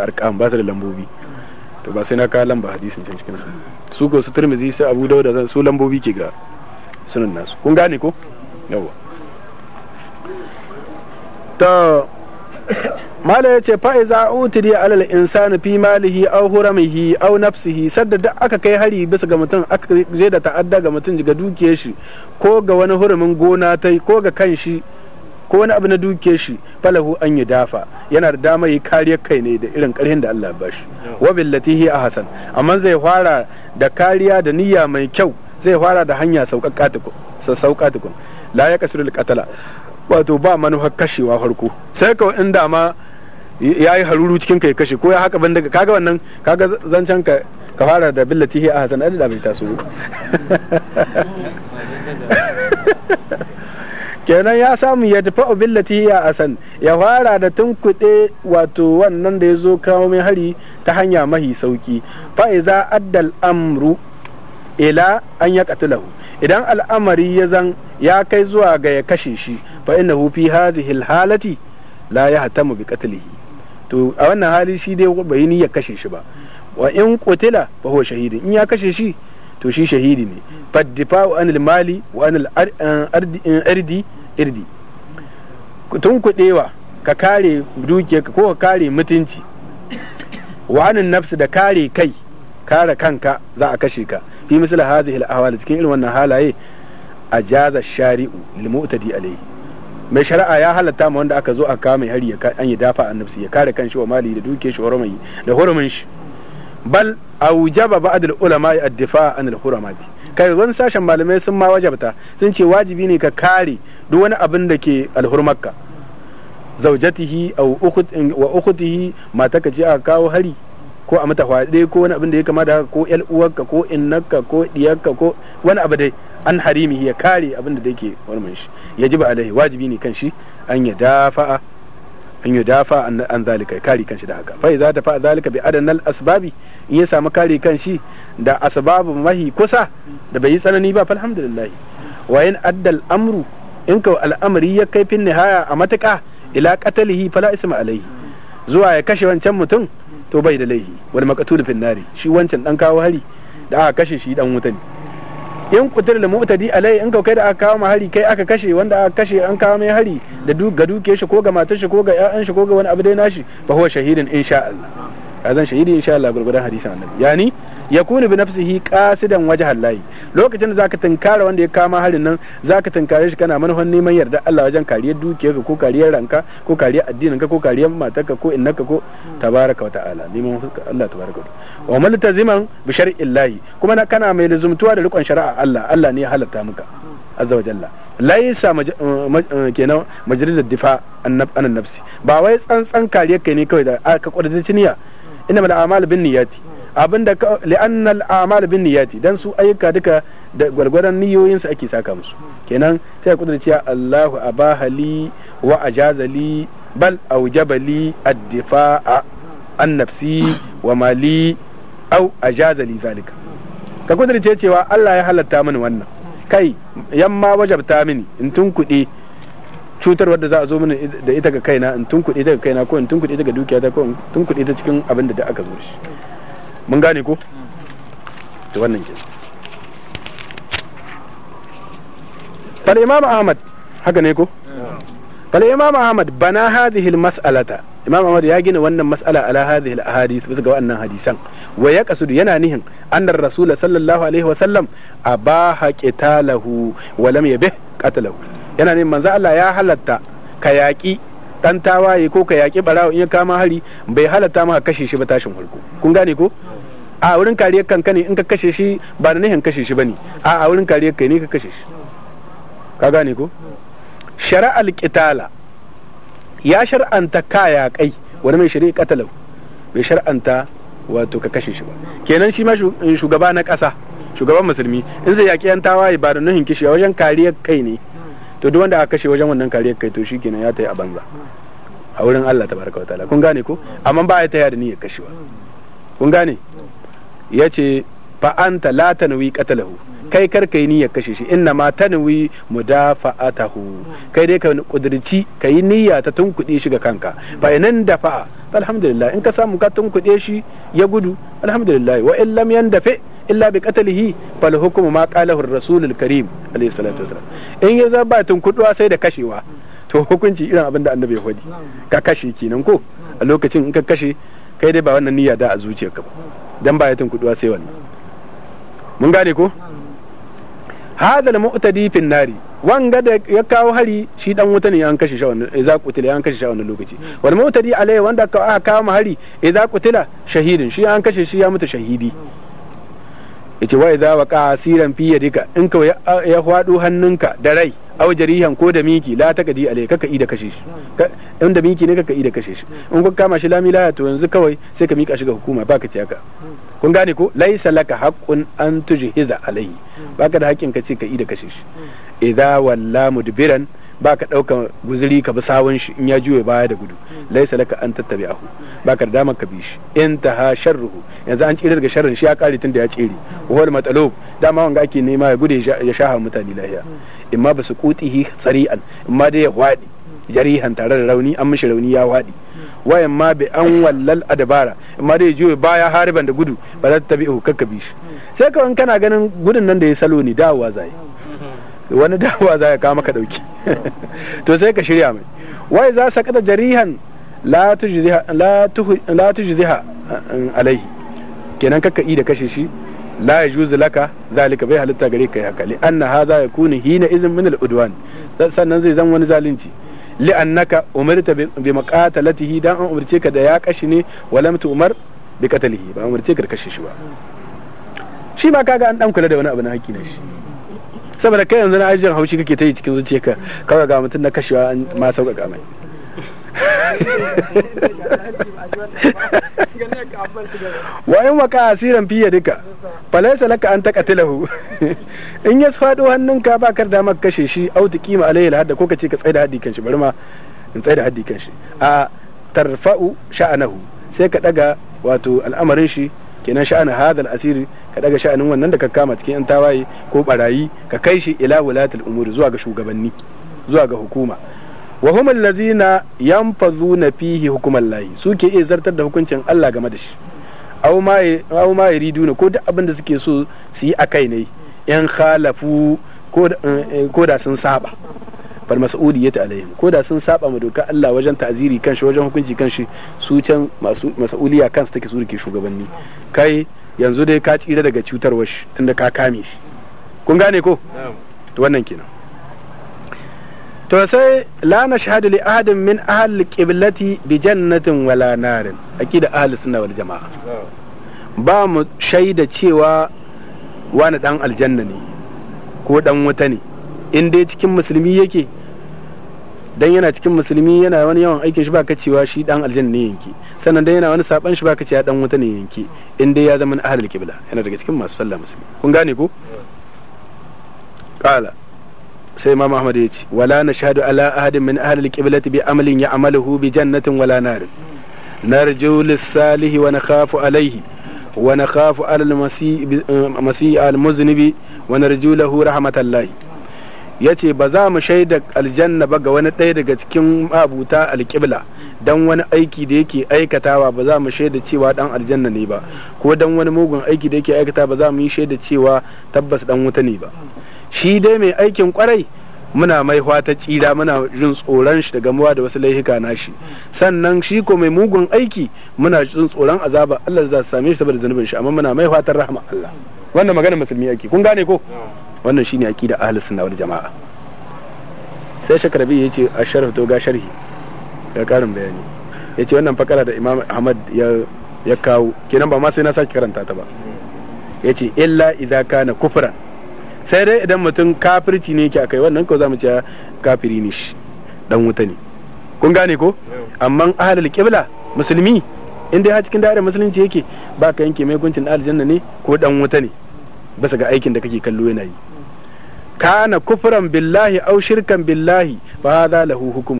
Speaker 1: arkam ba su da lambobi to ba sai na kawo lamba hadisin can cikin su su ko su turmizi sai abu dauda zan su lambobi ke ga sunan nasu kun gane ko yawa ta mala ya ce fa'iza utiri alal insani fi malihi au huramihi au nafsihi sadda da aka kai hari bisa ga mutum aka je da ta'adda ga mutum ga dukiyar shi ko ga wani hurumin gona ta ko ga kan shi ko wani abu na duke shi falahu an yi dafa yana da dama yi kariyar kai ne da irin karhin da Allah bashi wa billati hi ahsan amma zai fara da kariya da niyya mai kyau zai fara da hanya sauƙaƙa tukun sauƙa la ya kasirul katala wato ba manufar kashewa farko sai ka in dama ya yi haruru cikin kai kashe ko ya haka ban daga kaga wannan kaga zancen ka ka fara da billati hi ahsan da bai taso kenan ya samu ya tafi da ya asan ya fara da tunkuɗe wato wannan da ya zo kawo mai hari ta hanya mahi sauki za a addal amru ila an ya qatulahu idan al'amari ya zan ya kai zuwa ga ya kashe shi fa innahu fi hadhihi halati la yahtamu bi qatlihi to a wannan hali shi dai bai ni ya kashe shi ba wa in qutila fa huwa shahidin in ya kashe shi to shi shahidi ne faddifa'u anil mali wa anil ardi irdi tun kuɗewa ka kare dukiya ko ka kare mutunci wa anin nafsi da kare kai kare kanka za a kashe ka fi misali hazihil ahwal cikin irin wannan halaye a jaza shari'u lil mu'tadi alayhi mai shari'a ya halatta ma wanda aka zo a kama hari an yi dafa an nafsi ya kare kanshi wa mali da duke shi da hurumin shi bal aujaba ba'd al ulama ad-difa' an al huramati kai wani sashen malamai sun ma wajabta sun ce wajibi ne ka kare duk wani abin da ke alhurmarka zaujatihi wa ukhutihi mata ka ce aka kawo hari ko a mata hwade ko wani abin da ya kama da ko yal uwarka ko innaka ko diyarka ko wani abu dai an harimi ya kare abin da yake wani shi ba alaihi wajibi ne kan shi an ya dafa'a an yi dafa an zalika ya kare kanshi da haka fa za ta fa zalika bi adanal asbabi in ya samu kare kanshi da asbabu mahi kusa da bai yi tsanani ba alhamdulillah wa in addal amru in ka al'amari ya kai fin nihaya a matuƙa ila qatalihi fala isma alaihi zuwa ya kashe wancan mutum to bai da laihi wani maqtul da nari shi wancan dan kawo hari da aka kashe shi dan wuta ne in kutul da mu'tadi alai in kai da aka kawo hari kai aka kashe wanda aka kashe an kawo mai hari da duk ga duke shi ko ga matar shi ko ga ƴaƴan shi ko ga wani abu dai nashi fa huwa shahidin insha Allah kazan shahidi insha Allah gurgudan hadisin annabi yani yakunu bi nafsihi qasidan wajha Allah lokacin da zaka tunkara wanda ya kama harin nan zaka tunkare shi kana manufan neman yarda Allah wajen kariyar dukiyarka ko kariyar ranka ko kariyar addininka ko kariyar matarka ko innaka ko tabaraka wa ta'ala neman Allah tabaraka wa ta'ala wa maltaziman bi shar'illahi kuma kana mai lazumtuwa da rikon shari'a Allah Allah ne ya halatta maka azza wa jalla laisa uh, uh, kenan majalisar difa an nafsi ba wai tsantsan kariyar kai ne kawai da aka kwadata ciniya inna mal a'mal bin niyyati abinda li'annal a'mal bin niyati dan su ayyuka duka da gwargwaran niyoyin ake saka musu kenan sai kudurci Allahu abahali wa ajazali bal aujabali ad-difa'a an nafsi wa mali au ajazali zalika ka kudurce cewa Allah ya halatta mini wannan kai yamma wajabta mini in tun kuɗi cutar wadda za a zo mini da ita ga kaina in tun kuɗi ita ga kaina ko in tun kuɗi ita ga dukiya ta ko in tun kuɗi ita cikin abin da aka zo shi mun gane ko to wannan ke fal imam ahmad haka ne ko fal imam ahmad bana hadhihi mas'alata imam ahmad ya gina wannan mas'ala ala hadhihi ahadith bisa ga wannan hadisan wa ya kasudu yana nihin annar rasul sallallahu alaihi wa sallam aba haqitalahu wa lam yabih qatalahu yana nihin manzo Allah ya halatta ka yaki dan tawaye ko ka yaƙi barawo in ya kama hari bai halatta maka kashe shi ba tashin hulku kun gane ko a wurin kariyar kanka ne in ka kashe shi ba da nihin kashe shi bane a a wurin kariyar kai ne ka kashe shi ka gane ko shari'al qitala ya shar'anta kaya kai wani mai shari'a katalau bai shar'anta wato ka kashe shi ba kenan shi ma shugaba na kasa shugaban musulmi in zai yaƙi yan tawaye ba da nihin kishi a wajen kariyar kai ne to duk wanda aka kashe wajen wannan kariyar kai to shi kenan ya tayi a banza a wurin Allah tabaraka ta'ala kun gane ko amma ba ya taya da niyyar kashewa kun gane ya ce fa ta la kai kar yi niyyar kashe shi inna ma tanwi mudafa'atahu kai dai ka ka yi niyya ta tunkuɗe shi ga kanka fa inan dafa alhamdulillah in ka samu ka tunkuɗe shi ya gudu alhamdulillah wa in lam yandafe illa bi qatlihi fal hukmu ma qalahu rasulul karim alayhi salatu wasalam in ya zaba tunkuɗuwa sai da kashewa to hukunci irin abin da annabi ya faɗi ka kashe kenan ko a lokacin in ka kashe kai dai ba wannan niyya da a zuciyarka ba dan ba ya tunkuduwa sai wannan mun gane ko hadal mu'tadi fin nari wanga da ya kawo hari shi dan wuta ne ya kashe shi wannan idza eh, qutila ya kashe shi wannan lokaci wal mu'tadi alai wanda aka kawo hari idza eh, qutila shahidin shi an kashe shi ya mutu shahidi yace wa ka siran asiran fi in ka ya hwado hannunka da rai aw jarihan ko da miki la takadi alai kaka ida kashe shi in da miki ne kaka ida kashe shi in kun kama shi lami laya to yanzu kawai sai ka mika shi ga hukuma baka ce haka kun gane ko laisa laka haqqun an tujhiza alai baka da haƙƙin ka ce ka ida kashe shi idza walla mudbiran ba ka ɗauka guzuri ka bi sawun shi in ya juya baya da gudu laisa laka an tattabi ahu ba ka da ka bi shi in ta ha sharruhu yanzu an tsira daga sharrin shi ya kare tun da ya tsere wahol matalub dama wanga ake nema ya gude ya shaha mutane lahiya imma ba su kutihi tsari'an imma dai ya jari jarihan tare da rauni an mishi rauni ya waɗi wayan ma bi an wallal adabara amma dai juyo baya hariban da gudu ba za ta tabi kakka bi shi sai kawai kana ganin gudun nan da ya salo ni dawowa zai wani dawa za ka kama ka dauki to sai ka shirya mai wai za su kada jarihan la ziha eh, eh, alaihi kenan kakka i da kashe shi la yajuzu laka zalika bai halitta gare ka haka li anna ya kuni hina izin min al sannan zai zama wani zalunci li annaka umirta bi maqatalatihi dan an umarce ka da ya kashe ne walam umar bi qatalihi ba umarce ka da kashe shi ba shi ma kaga an dan kula da wani abu na haƙi na shi saboda kai yanzu na ajiyar haushi kake ta yi cikin zuciyarka kawai ga mutum na kashewa an ma sauƙaƙa mai wa yin waka asiran fiye duka falaisa laka an tilahu. in ya faɗo hannunka ba kar dama kashe shi au tuqima alayhi hadda ko kace ka tsaida haddi kan shi bari ma in tsaida haddi kan shi a tarfa'u sha'anahu sai ka daga wato al'amarin shi kenan sha'anin hadal asiri ka daga sha'anin wannan da ka kama cikin yan tawaye ko barayi ka kai shi ila wulatul umuri zuwa ga shugabanni zuwa ga hukuma wa hum allazina yanfazuna fihi hukuman lahi suke iya zartar da hukuncin Allah game da shi aw ma ko duk abin da suke so su yi akai ne yan khalafu eh, ko da sun saba fal mas'udiyyatu alaihim ko da sun saba ma dokar Allah wajen ta'ziri kanshi wajen hukunci kanshi su can masu mas'uliya kansu take surke shugabanni kai yanzu dai ka tsira daga cutarwar shi tunda ka kame shi kun gane ko to wannan kenan to sai la nashhadu li ahadin min ahli qiblati bi jannatin wala narin akida ahli sunna wal jamaa ba mu shaida cewa wani dan aljanna ne ko dan wuta ne in dai cikin musulmi yake dan yana cikin musulmi yana wani yawan aikin shi baka cewa shi dan aljanna ne yanke sannan dan yana wani saban shi baka cewa dan wuta ne yanke in dai ya zama na ahlul kibla yana daga cikin masu sallah musulmi kun gane ko qala sai imam ahmad ya ce wala nashhadu ala ahadin min ahlil qiblati bi amalin ya'maluhu bi jannatin wala nar narju lis-salih wa nakhafu alayhi wa nakhafu ala al-masii eh, al-muznibi wa narju lahu rahmatallahi ya ce ba za mu shaida aljanna ba ga wani ɗaya daga cikin mabuta alƙibla don wani aiki da yake aikatawa ba za mu shaida cewa ɗan aljanna ne ba ko don wani mugun aiki da yake aikata ba za mu yi shaida cewa tabbas ɗan wuta ne ba shi dai mai aikin kwarai muna mai ta tsira muna jin tsoron shi da gamuwa da wasu laifuka na shi sannan shi ko mai mugun aiki muna jin tsoron azaba Allah za su same shi saboda zunubin shi amma muna mai hwatar rahama Allah wannan magana musulmi yake kun gane ko wannan shine aqida ahlus sunna wal jama'a sai shakarabi ya ce a sharh to ga sharhi ga karin bayani ya ce wannan fakara da imam ahmad ya kawo kenan ba ma sai na sake karanta ta ba ya ce illa idza kana kufran sai dai idan mutum kafirci ne yake akai wannan ko za mu ce kafiri ne shi dan wuta ne kun gane ko amma ahlul qibla musulmi in dai har cikin da'irar musulunci yake ba ka yanke mai guncin aljanna ne ko dan wuta ne bisa ga aikin da kake kallo yana yi kana kufran billahi au shirkan billahi fa hadha lahu